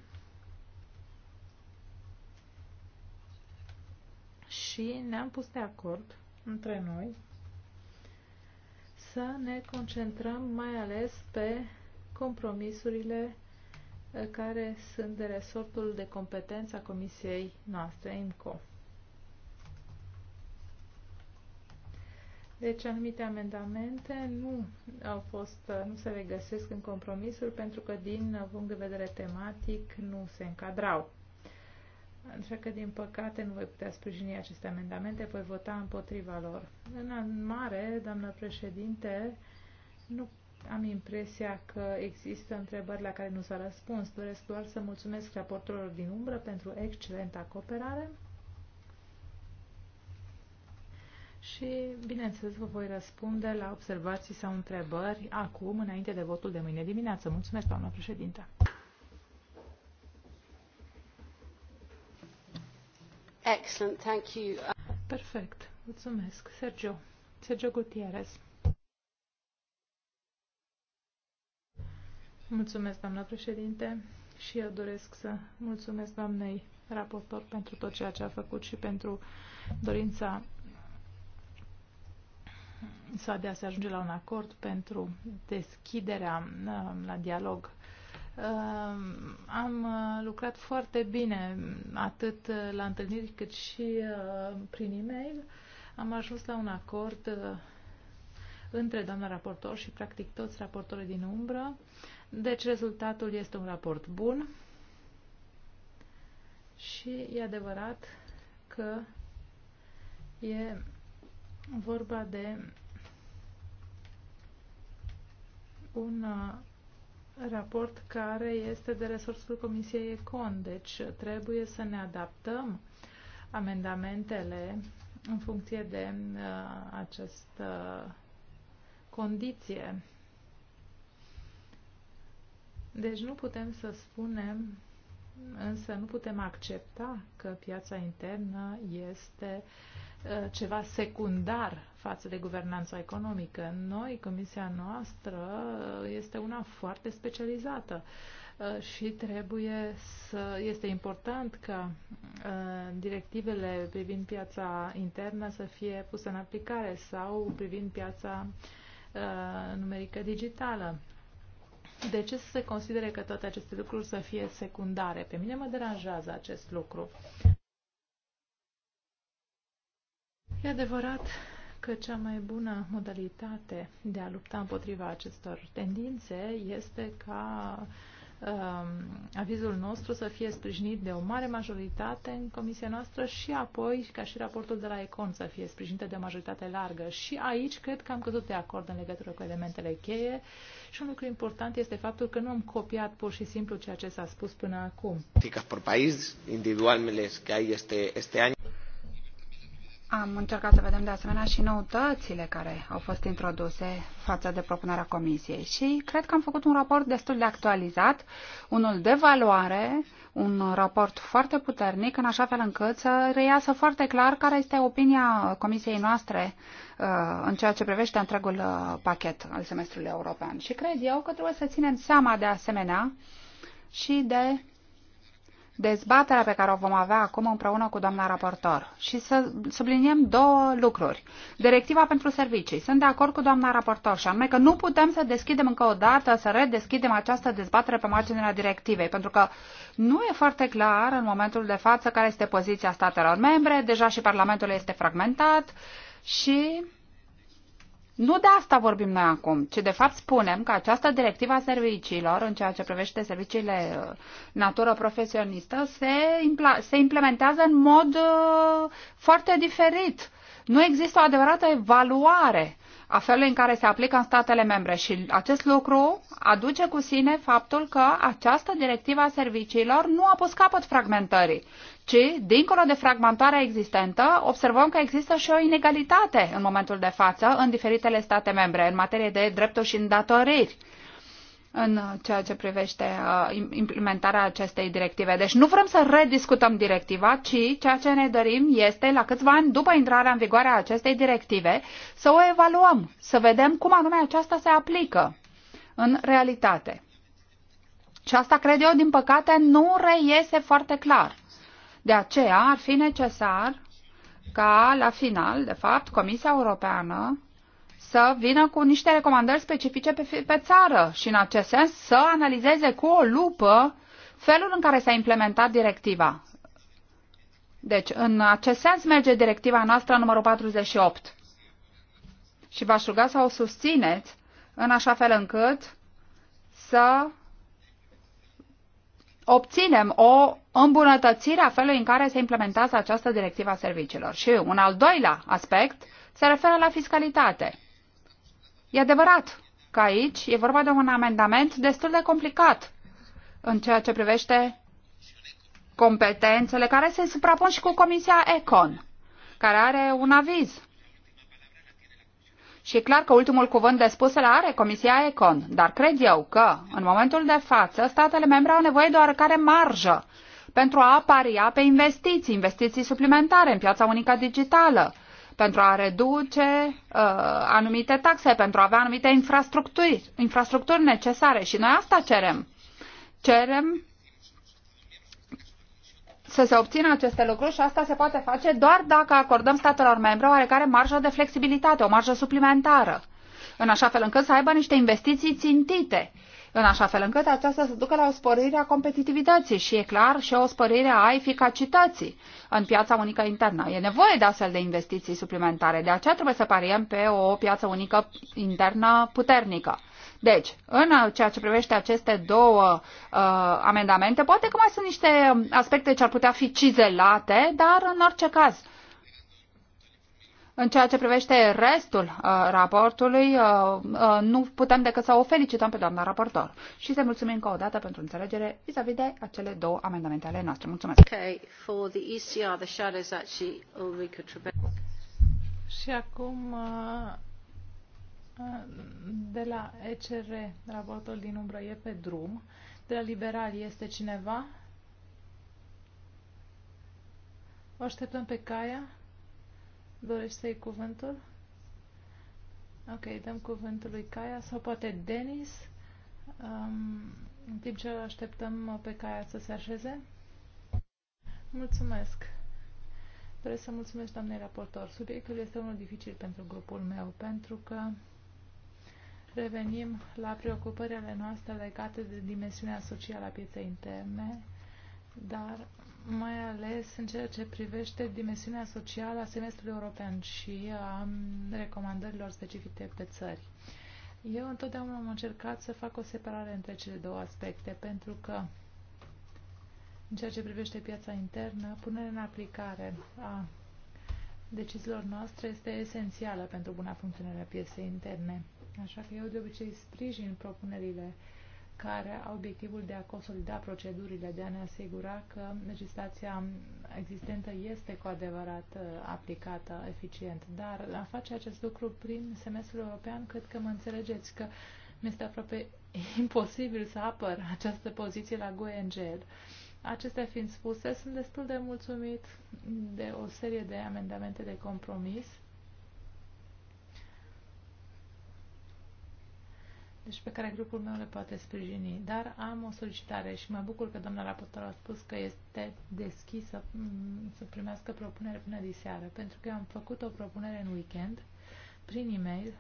și ne-am pus de acord între noi să ne concentrăm mai ales pe compromisurile eh, care sunt de resortul de competență a comisiei noastre, IMCO. Deci anumite amendamente nu au fost, nu se regăsesc în compromisuri pentru că din punct de vedere tematic nu se încadrau. Așa că, din păcate, nu voi putea sprijini aceste amendamente, voi vota împotriva lor. În mare, doamnă președinte, nu am impresia că există întrebări la care nu s-a răspuns. Doresc doar să mulțumesc raportorilor din umbră pentru excelenta cooperare și, bineînțeles, vă voi răspunde la observații sau întrebări acum, înainte de votul de mâine dimineață. Mulțumesc, doamna președinte! Excellent, thank you. Perfect, mulțumesc. Sergio, Sergio Gutierrez. Mulțumesc, doamna președinte, și eu doresc să mulțumesc doamnei raportor pentru tot ceea ce a făcut și pentru dorința să de a se ajunge la un acord pentru deschiderea um, la dialog. Um, am uh, lucrat foarte bine, atât uh, la întâlniri cât și uh, prin e-mail. Am ajuns la un acord între doamna raportor și practic toți raportorii din umbră. Deci rezultatul este un raport bun și e adevărat că e vorba de un uh, raport care este de resursul Comisiei Econ, deci trebuie să ne adaptăm amendamentele în funcție de uh, această condiție. Deci nu putem să spunem, însă nu putem accepta că piața internă este uh, Uh, ceva secundar față de guvernanța economică. Noi, comisia noastră, uh, este una foarte specializată uh, și trebuie să... Este important ca directivele privind piața internă să fie puse în aplicare sau privind piața numerică digitală. De ce să se considere că toate aceste lucruri să fie secundare? Pe mine mă deranjează acest lucru. E adevărat că cea mai bună modalitate de a lupta împotriva acestor tendințe este ca um, avizul nostru să fie sprijinit de o mare majoritate în comisia noastră și apoi, ca și raportul de la Econ, să fie sprijinită de o majoritate largă. Și aici cred că am căzut de acord în legătură cu elementele cheie și un lucru important este faptul că nu am copiat pur și simplu ceea ce s-a spus până acum. Am încercat să vedem de asemenea și noutățile care au fost introduse față de propunerea comisiei și cred că am făcut un raport destul de actualizat, unul de valoare, un raport foarte puternic, în așa fel încât să reiasă foarte clar care este opinia comisiei noastre uh, în ceea ce privește întregul uh, pachet al semestrului european. Și cred eu că trebuie să ținem seama de asemenea și de dezbaterea pe care o vom avea acum împreună cu doamna raportor și să subliniem două lucruri. Directiva pentru servicii. Sunt de acord cu doamna raportor și anume că nu putem să deschidem încă o dată, să redeschidem această dezbatere pe marginea directivei, pentru că nu e foarte clar în momentul de față care este poziția statelor membre, deja și Parlamentul este fragmentat și nu de asta vorbim noi acum, ci de fapt spunem că această directivă a serviciilor, în ceea ce privește serviciile uh, natură profesionistă, se, impl- se implementează în mod uh, foarte diferit. Nu există o adevărată evaluare a felului în care se aplică în statele membre și acest lucru aduce cu sine faptul că această directivă a serviciilor nu a pus capăt fragmentării, ci, dincolo de fragmentarea existentă, observăm că există și o inegalitate în momentul de față în diferitele state membre în materie de drepturi și îndatoriri în ceea ce privește uh, implementarea acestei directive. Deci nu vrem să rediscutăm directiva, ci ceea ce ne dorim este, la câțiva ani după intrarea în vigoare a acestei directive, să o evaluăm, să vedem cum anume aceasta se aplică în realitate. Și asta, cred eu, din păcate, nu reiese foarte clar. De aceea ar fi necesar ca, la final, de fapt, Comisia Europeană să vină cu niște recomandări specifice pe, pe țară și în acest sens să analizeze cu o lupă felul în care s-a implementat directiva. Deci, în acest sens merge directiva noastră numărul 48. Și v-aș ruga să o susțineți în așa fel încât să obținem o îmbunătățire a felului în care se implementează această directivă a serviciilor. Și un al doilea aspect se referă la fiscalitate. E adevărat că aici e vorba de un amendament destul de complicat în ceea ce privește competențele care se suprapun și cu Comisia Econ, care are un aviz. Și e clar că ultimul cuvânt de spus îl are Comisia Econ, dar cred eu că, în momentul de față, statele membre au nevoie de oarecare marjă pentru a aparia pe investiții, investiții suplimentare în piața unică digitală, pentru a reduce uh, anumite taxe, pentru a avea anumite infrastructuri, infrastructuri necesare. Și noi asta cerem. Cerem să se obțină aceste lucruri și asta se poate face doar dacă acordăm statelor membre oarecare marjă de flexibilitate, o marjă suplimentară, în așa fel încât să aibă niște investiții țintite în așa fel încât aceasta să ducă la o sporire a competitivității și, e clar, și o sporire a eficacității în piața unică internă. E nevoie de astfel de investiții suplimentare, de aceea trebuie să pariem pe o piață unică internă puternică. Deci, în ceea ce privește aceste două uh, amendamente, poate că mai sunt niște aspecte ce ar putea fi cizelate, dar în orice caz, uh, în ceea ce privește restul uh, raportului, uh, uh, nu putem decât să o felicităm pe doamna raportor și să mulțumim încă o dată pentru înțelegere vis-a-vis -vis de acele două amendamente ale noastre. Mulțumesc! Okay, for the ECR, the shadows actually Și acum, uh, uh, de la ECR, raportul din umbră e pe drum. De la Liberali este cineva? O așteptăm pe Caia. Dorești să iei cuvântul? Ok, dăm cuvântul lui Caia sau poate Denis, um, în timp ce așteptăm pe Caia să se așeze. Mulțumesc! Doresc să mulțumesc doamnei raportor. Subiectul este unul dificil pentru grupul meu, pentru că revenim la preocupările noastre legate de dimensiunea socială a pieței interne, dar mai ales în ceea ce privește dimensiunea socială a semestrului european și a recomandărilor specifice pe țări. Eu întotdeauna am încercat să fac o separare între cele două aspecte, pentru că în ceea ce privește piața internă, punerea în aplicare a deciziilor noastre este esențială pentru buna funcționare a pieței interne. Așa că eu de obicei sprijin propunerile uh, care au obiectivul de a consolida procedurile, de a ne asigura că legislația existentă este cu adevărat uh, aplicată eficient. Dar a face acest lucru prin semestrul european, cred că mă înțelegeți că mi-este aproape imposibil să apăr această poziție la GUE-NGL. Acestea fiind spuse, sunt destul de mulțumit de o serie de amendamente de compromis deci pe care grupul meu le poate sprijini. Dar am o solicitare și mă bucur că doamna raportor a spus că este deschisă mm, să primească propunere până diseară, pentru că eu am făcut o propunere în weekend prin e-mail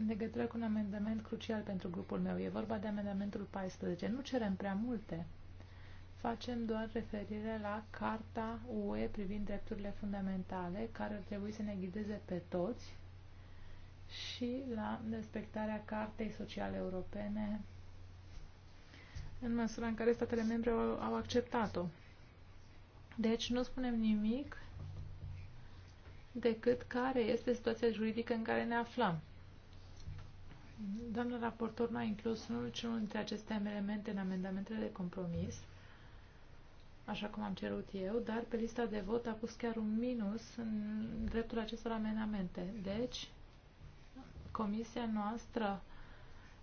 în legătură cu un amendament crucial pentru grupul meu. E vorba de amendamentul 14. Nu cerem prea multe. Facem doar referire la Carta UE privind drepturile fundamentale, care ar trebui să ne ghideze pe toți și la respectarea Cartei Sociale Europene în măsura în care statele membre au acceptat-o. Deci nu spunem nimic decât care este situația juridică în care ne aflăm. Doamna raportor nu a inclus niciunul dintre aceste elemente în amendamentele de compromis, așa cum am cerut eu, dar pe lista de vot a pus chiar un minus în dreptul acestor amendamente. Deci, comisia noastră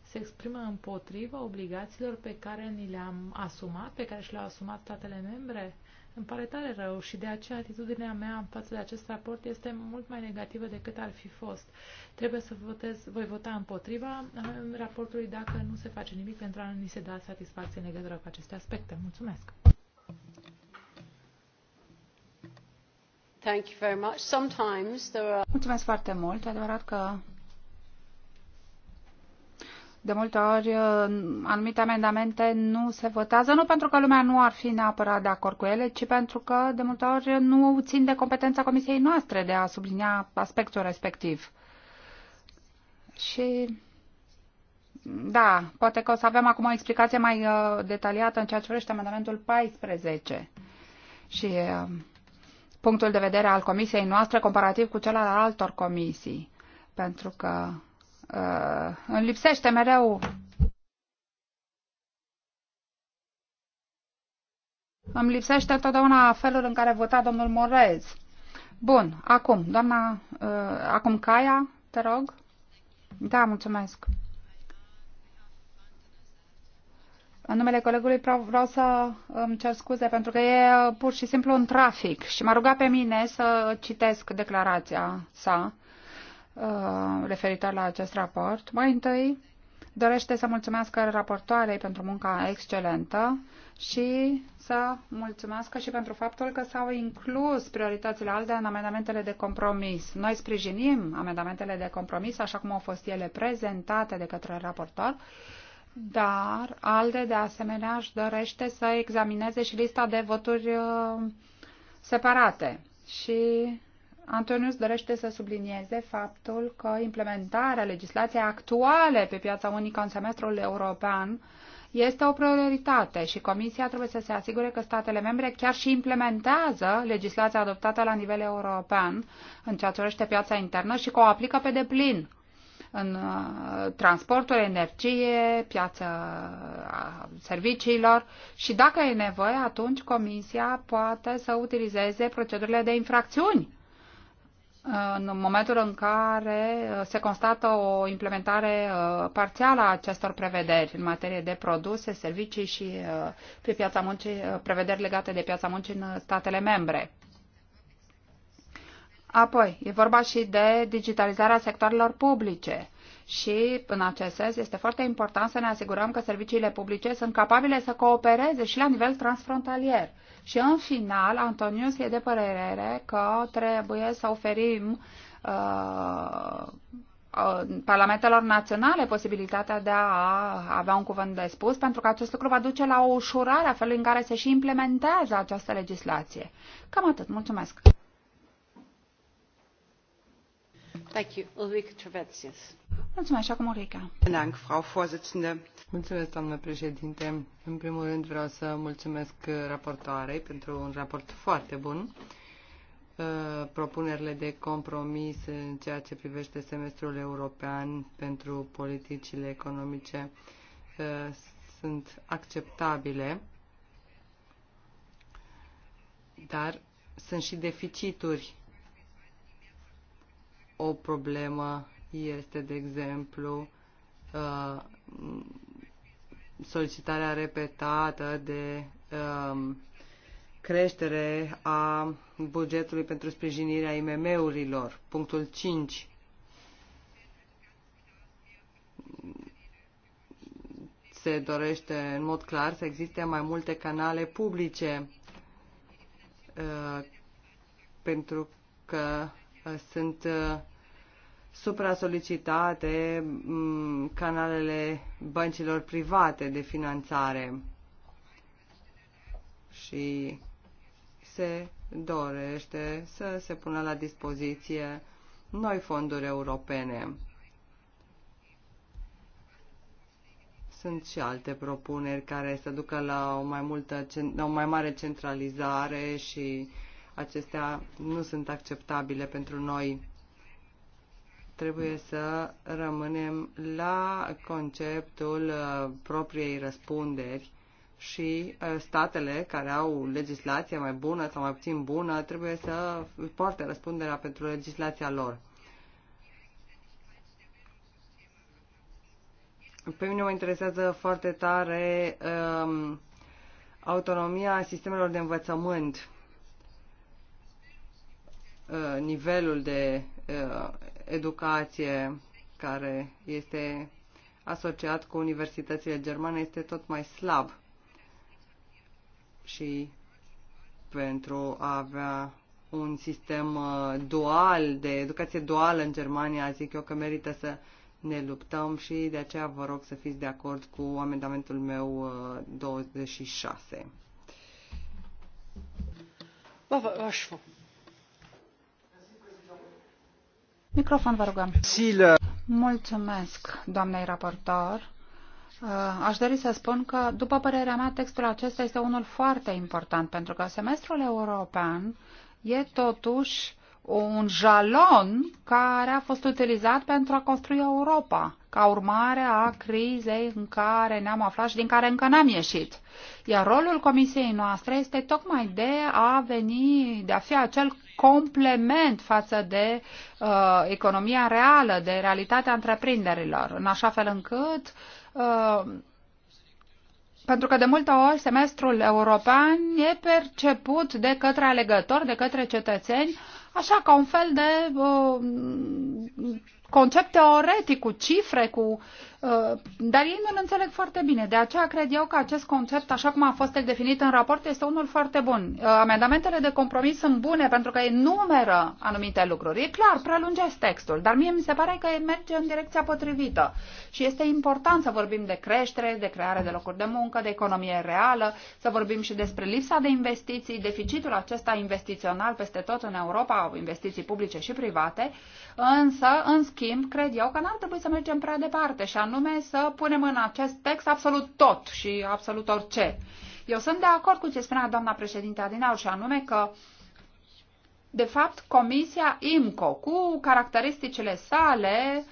se exprimă împotriva obligațiilor pe care ni le-am asumat, pe care și le-au asumat statele membre? Îmi pare tare rău și de aceea atitudinea mea în față de acest raport este mult mai negativă decât ar fi fost. Trebuie să votez, voi vota împotriva uh, raportului dacă nu se face nimic pentru a ni se da satisfacție în legătură cu aceste aspecte. Mulțumesc! Thank you very much. Sometimes there are... Mulțumesc foarte mult. Adevărat că de multe ori, uh, anumite amendamente nu se votează, nu pentru că lumea nu ar fi neapărat de acord cu ele, ci pentru că, de multe ori, nu țin de competența comisiei noastre de a sublinia aspectul respectiv. Și da, poate că o să avem acum o explicație mai uh, detaliată în ceea ce privește amendamentul 14 și uh, punctul de vedere al comisiei noastre comparativ cu cel al altor comisii. Pentru că uh, îmi lipsește mereu îmi lipsește totdeauna felul în care vota domnul Morez. Bun, acum, doamna, uh, acum Caia, te rog. Da, mulțumesc. În numele colegului vreau să îmi cer scuze pentru că e uh, pur și simplu un trafic și m-a rugat pe mine să citesc declarația sa Uh, referitor la acest raport. Mai întâi, dorește să mulțumesc raportoarei pentru munca excelentă și să mulțumesc și pentru faptul că s-au inclus prioritățile alte în amendamentele de compromis. Noi sprijinim amendamentele de compromis așa cum au fost ele prezentate de către raportor, dar ALDE de asemenea își dorește să examineze și lista de voturi uh, separate și Antonius dorește să sublinieze faptul că implementarea legislației actuale pe piața unică în semestrul european este o prioritate și Comisia trebuie să se asigure că statele membre chiar și implementează legislația adoptată la nivel european în ceea ce urește piața internă și că o aplică pe deplin în uh, transportul, energie, piața uh, serviciilor și dacă e nevoie, atunci Comisia poate să utilizeze procedurile de infracțiuni în momentul în care uh, se constată o implementare uh, parțială a acestor prevederi în materie de produse, servicii și uh, pe piața muncii, prevederi legate de piața muncii în statele membre. Apoi, e vorba și de digitalizarea sectoarelor publice și, în acest sens, este foarte important să ne asigurăm că serviciile publice sunt capabile să coopereze și la nivel transfrontalier și în final, Antonius e de părere că trebuie să oferim uh, uh, parlamentelor naționale posibilitatea de a avea un cuvânt de spus, pentru că acest lucru va duce la o ușurare a felului în care se și implementează această legislație. Cam atât. Mulțumesc. Thank you. Ulrike Trevetsius. Mulțumesc acum Ulrica. Mulțumesc, doamnă președinte. În primul rând vreau să mulțumesc raportoarei pentru un raport foarte bun. Uh, propunerile de compromis în ceea ce privește semestrul european pentru politicile economice uh, sunt acceptabile, dar sunt și deficituri o problemă este, de exemplu, uh, solicitarea repetată de um, creștere a bugetului pentru sprijinirea IMM-urilor. Punctul 5. Se dorește în mod clar să existe mai multe canale publice uh, pentru că uh, sunt uh, supra-solicitate mm, canalele băncilor private de finanțare și se dorește să se pună la dispoziție noi fonduri europene. Sunt și alte propuneri care să ducă la o mai, multă, la o mai mare centralizare și acestea nu sunt acceptabile pentru noi trebuie să rămânem la conceptul uh, propriei răspunderi și uh, statele care au legislație mai bună sau mai puțin bună trebuie să poarte răspunderea pentru legislația lor. Pe mine mă interesează foarte tare um, autonomia sistemelor de învățământ, uh, nivelul de uh, educație care este asociat cu universitățile germane este tot mai slab. Și pentru a avea un sistem uh, dual, de educație duală în Germania, zic eu că merită să ne luptăm și de aceea vă rog să fiți de acord cu amendamentul meu 26. Uh, vă, vă, Microfon, vă rugăm. Silă. Mulțumesc, doamnei raportor. Uh, aș dori să spun că, după părerea mea, textul acesta este unul foarte important, pentru că semestrul european e totuși un jalon care a fost utilizat pentru a construi Europa, ca urmare a crizei în care ne-am aflat și din care încă n-am ieșit. Iar rolul comisiei noastre este tocmai de a veni, de a fi acel complement față de uh, economia reală, de realitatea întreprinderilor, în așa fel încât uh, pentru că de multe ori semestrul european e perceput de către alegători, de către cetățeni, așa ca un fel de uh, concept teoretic, cu cifre, cu Uh, dar ei nu-l înțeleg foarte bine. De aceea cred eu că acest concept, așa cum a fost el definit în raport, este unul foarte bun. Uh, amendamentele de compromis sunt bune pentru că enumeră anumite lucruri. E clar, prelungesc textul, dar mie mi se pare că merge în direcția potrivită. Și este important să vorbim de creștere, de creare de locuri de muncă, de economie reală, să vorbim și despre lipsa de investiții, deficitul acesta investițional peste tot în Europa, investiții publice și private, însă, în schimb, cred eu că n-ar trebui să mergem prea departe și anume să punem în acest text absolut tot și absolut orice. Eu sunt de acord cu ce spunea doamna președinte Adinau și anume că de fapt, Comisia IMCO, cu caracteristicile sale,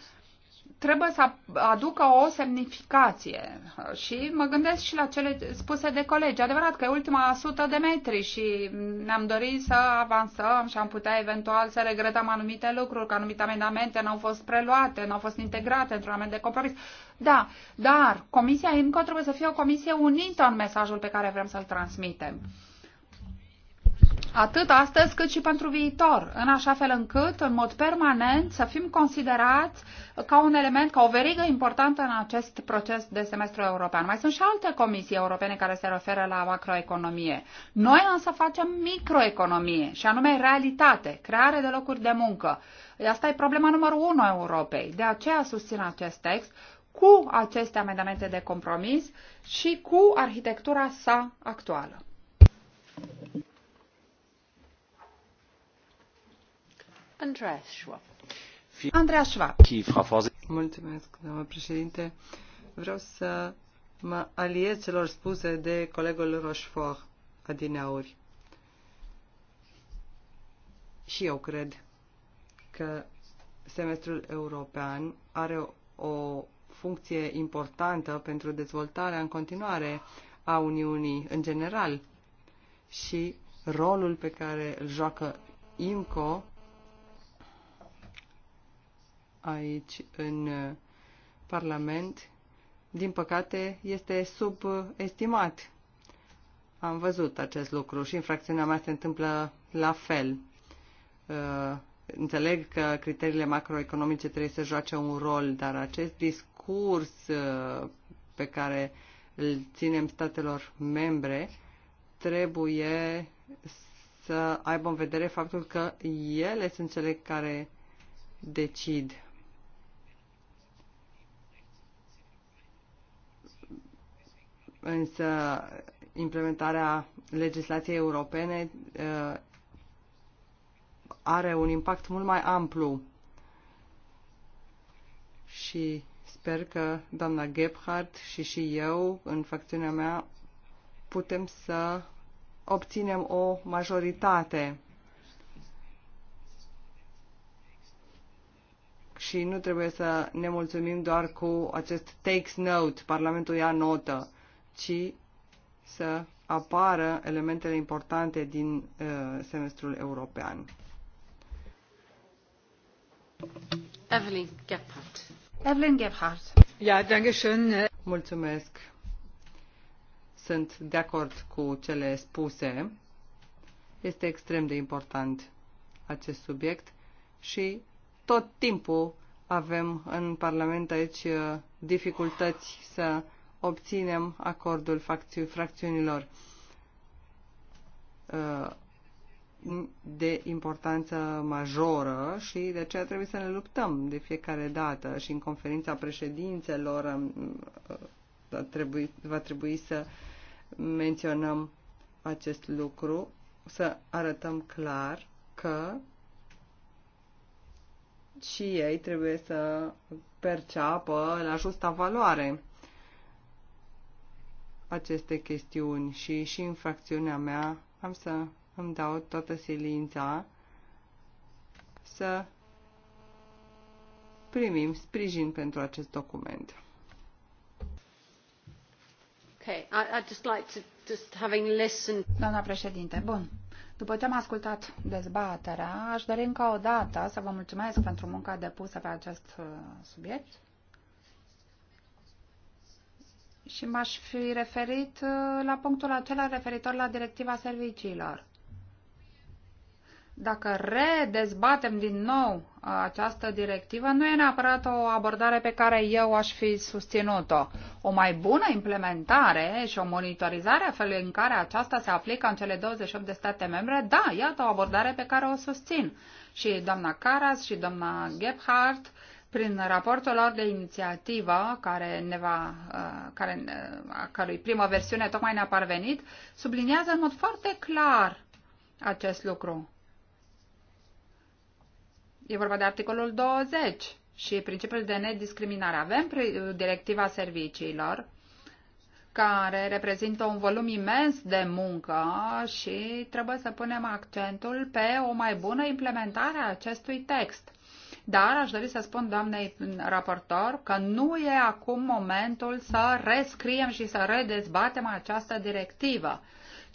trebuie să aducă o semnificație. Și mă gândesc și la cele spuse de colegi. Adevărat că e ultima sută de metri și ne-am dorit să avansăm și am putea eventual să regretăm anumite lucruri, că anumite amendamente n-au fost preluate, n-au fost integrate într-un amend de compromis. Da, dar Comisia INCO trebuie să fie o comisie unită în mesajul pe care vrem să-l transmitem atât astăzi cât și pentru viitor, în așa fel încât, în mod permanent, să fim considerați ca un element, ca o verigă importantă în acest proces de semestru european. Mai sunt și alte comisii europene care se referă la macroeconomie. Noi însă facem microeconomie, și anume realitate, creare de locuri de muncă. Asta e problema numărul unu a Europei. De aceea susțin acest text cu aceste amendamente de compromis și cu arhitectura sa actuală. Andreas Schwab. Andreas Schwab. Mulțumesc, doamnă președinte. Vreau să mă aliez celor spuse de colegul Rochefort adineauri. Și eu cred că semestrul european are o funcție importantă pentru dezvoltarea în continuare a Uniunii în general și rolul pe care îl joacă IMCO aici în uh, Parlament, din păcate, este subestimat. Am văzut acest lucru și în fracțiunea mea se întâmplă la fel. Uh, înțeleg că criteriile macroeconomice trebuie să joace un rol, dar acest discurs uh, pe care îl ținem statelor membre trebuie să aibă în vedere faptul că ele sunt cele care decid Însă implementarea legislației europene uh, are un impact mult mai amplu și sper că doamna Gebhardt și și eu, în facțiunea mea, putem să obținem o majoritate. Și nu trebuie să ne mulțumim doar cu acest takes note, Parlamentul ia notă ci să apară elementele importante din uh, semestrul european. Evelyn Gebhardt. Evelyn Gebhardt. Ja, danke schön. Mulțumesc. Sunt de acord cu cele spuse. Este extrem de important acest subiect și tot timpul avem în Parlament aici uh, dificultăți să obținem acordul fracțiunilor uh, de importanță majoră și de aceea trebuie să ne luptăm de fiecare dată și în conferința președințelor va um, uh, trebui, va trebui să menționăm acest lucru, să arătăm clar că și ei trebuie să perceapă la justa valoare aceste chestiuni și și în fracțiunea mea am să îmi dau toată silința să primim sprijin pentru acest document. Okay, I'd just like to just having listened. Doamna președinte, bun. După ce am ascultat dezbaterea, aș dori încă o dată să vă mulțumesc pentru munca depusă pe acest uh, subiect și m-aș fi referit uh, la punctul acela referitor la directiva serviciilor. Dacă redezbatem din nou uh, această directivă, nu e neapărat o abordare pe care eu aș fi susținut-o. O mai bună implementare și o monitorizare a felului în care aceasta se aplică în cele 28 de state membre, da, iată o abordare pe care o susțin. Și doamna Caras și doamna Gebhardt prin raportul lor de inițiativă, care ne va, uh, care, uh, a cărui primă versiune tocmai ne-a parvenit, subliniază în mod foarte clar acest lucru. E vorba de articolul 20 și principiul de nediscriminare. Avem uh, directiva serviciilor, care reprezintă un volum imens de muncă și trebuie să punem accentul pe o mai bună implementare a acestui text. Dar aș dori să spun doamnei raportor că nu e acum momentul să rescriem și să redezbatem această directivă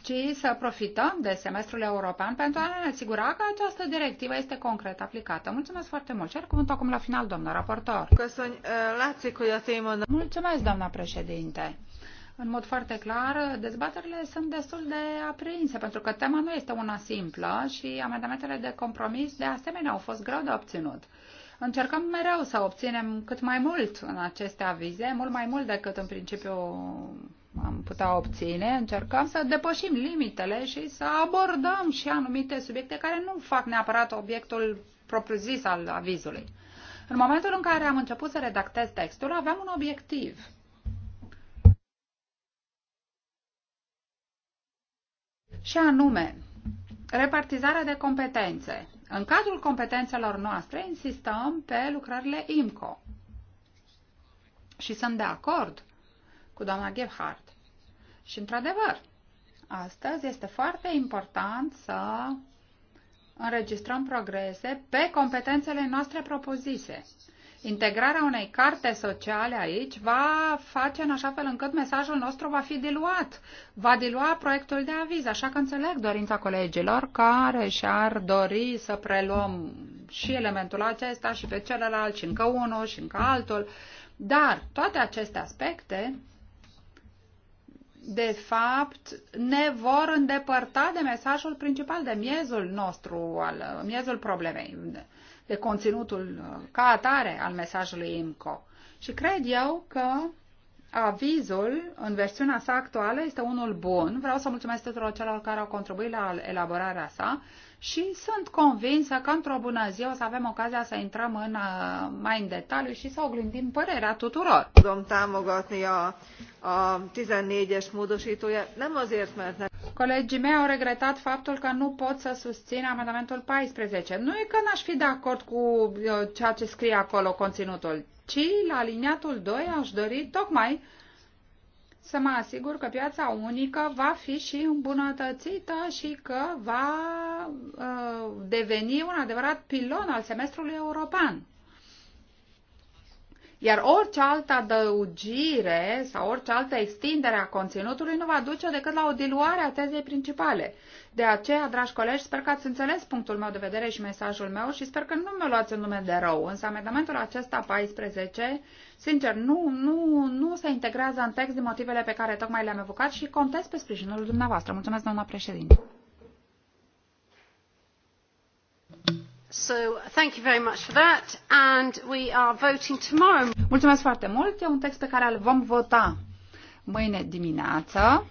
ci să profităm de semestrul european pentru a ne asigura că această directivă este concret aplicată. Mulțumesc foarte mult. Cer cuvântul acum la final, doamnă raportor. Eh, Mulțumesc, doamnă președinte în mod foarte clar, dezbaterile sunt destul de aprinse, pentru că tema nu este una simplă și amendamentele de compromis de asemenea au fost greu de obținut. Încercăm mereu să obținem cât mai mult în aceste avize, mult mai mult decât în principiu am putea obține, încercăm să depășim limitele și să abordăm și anumite subiecte care nu fac neapărat obiectul propriu-zis al avizului. În momentul în care am început să redactez textul, aveam un obiectiv – și anume repartizarea de competențe. În cadrul competențelor noastre insistăm pe lucrările IMCO și sunt de acord cu doamna Gebhardt. Și într-adevăr, astăzi este foarte important să înregistrăm progrese pe competențele noastre propozise. Integrarea unei carte sociale aici va face în așa fel încât mesajul nostru va fi diluat, va dilua proiectul de aviz, așa că înțeleg dorința colegilor care și-ar dori să preluăm și elementul acesta și pe celălalt și încă unul și încă altul, dar toate aceste aspecte de fapt, ne vor îndepărta de mesajul principal, de miezul nostru, al, miezul problemei de conținutul uh, ca atare al mesajului IMCO. Și cred eu că avizul, în versiunea sa actuală, este unul bun. Vreau să mulțumesc tuturor celor care au contribuit la elaborarea sa și sunt convinsă că într-o bună zi o să avem ocazia să intrăm în, uh, mai în detaliu și să oglindim părerea tuturor. a, 14 Colegii mei au regretat faptul că nu pot să susțin amendamentul 14. Nu e că n-aș fi de acord cu uh, ceea ce scrie acolo conținutul, ci la aliniatul 2 aș dori tocmai să mă asigur că piața unică va fi și îmbunătățită și că va uh, deveni un adevărat pilon al semestrului european. Iar orice altă adăugire sau orice altă extindere a conținutului nu va duce decât la o diluare a tezei principale. De aceea, dragi colegi, sper că ați înțeles punctul meu de vedere și mesajul meu și sper că nu mi-o luați în nume de rău. Însă amendamentul acesta 14, sincer, nu, nu, nu se integrează în text din motivele pe care tocmai le-am evocat și contez pe sprijinul dumneavoastră. Mulțumesc, doamna președinte. So, thank you very much for that. And we are voting tomorrow. Mulțumesc foarte mult. E un text pe care îl vom vota mâine dimineață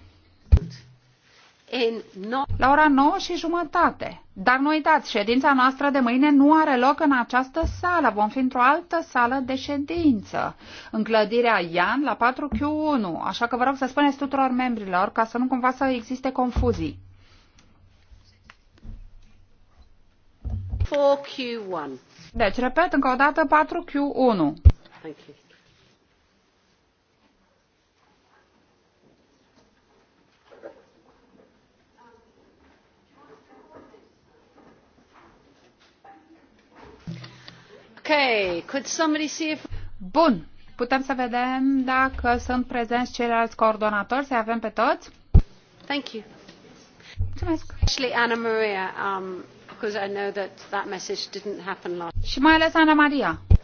la ora 9 și jumătate. Dar nu uitați, ședința noastră de mâine nu are loc în această sală. Vom fi într-o altă sală de ședință, în clădirea Ian la 4Q1. Așa că vă rog să spuneți tuturor membrilor ca să nu cumva să existe confuzii. 4Q1. Deci, repet încă o dată, 4Q1. Thank you. Okay. Could somebody see if... Bun. Putem să vedem dacă sunt prezenți ceilalți coordonatori, să avem pe toți. Thank you. Mulțumesc. Ashley, Anna Maria, um, because I know that that message did not happen last. Și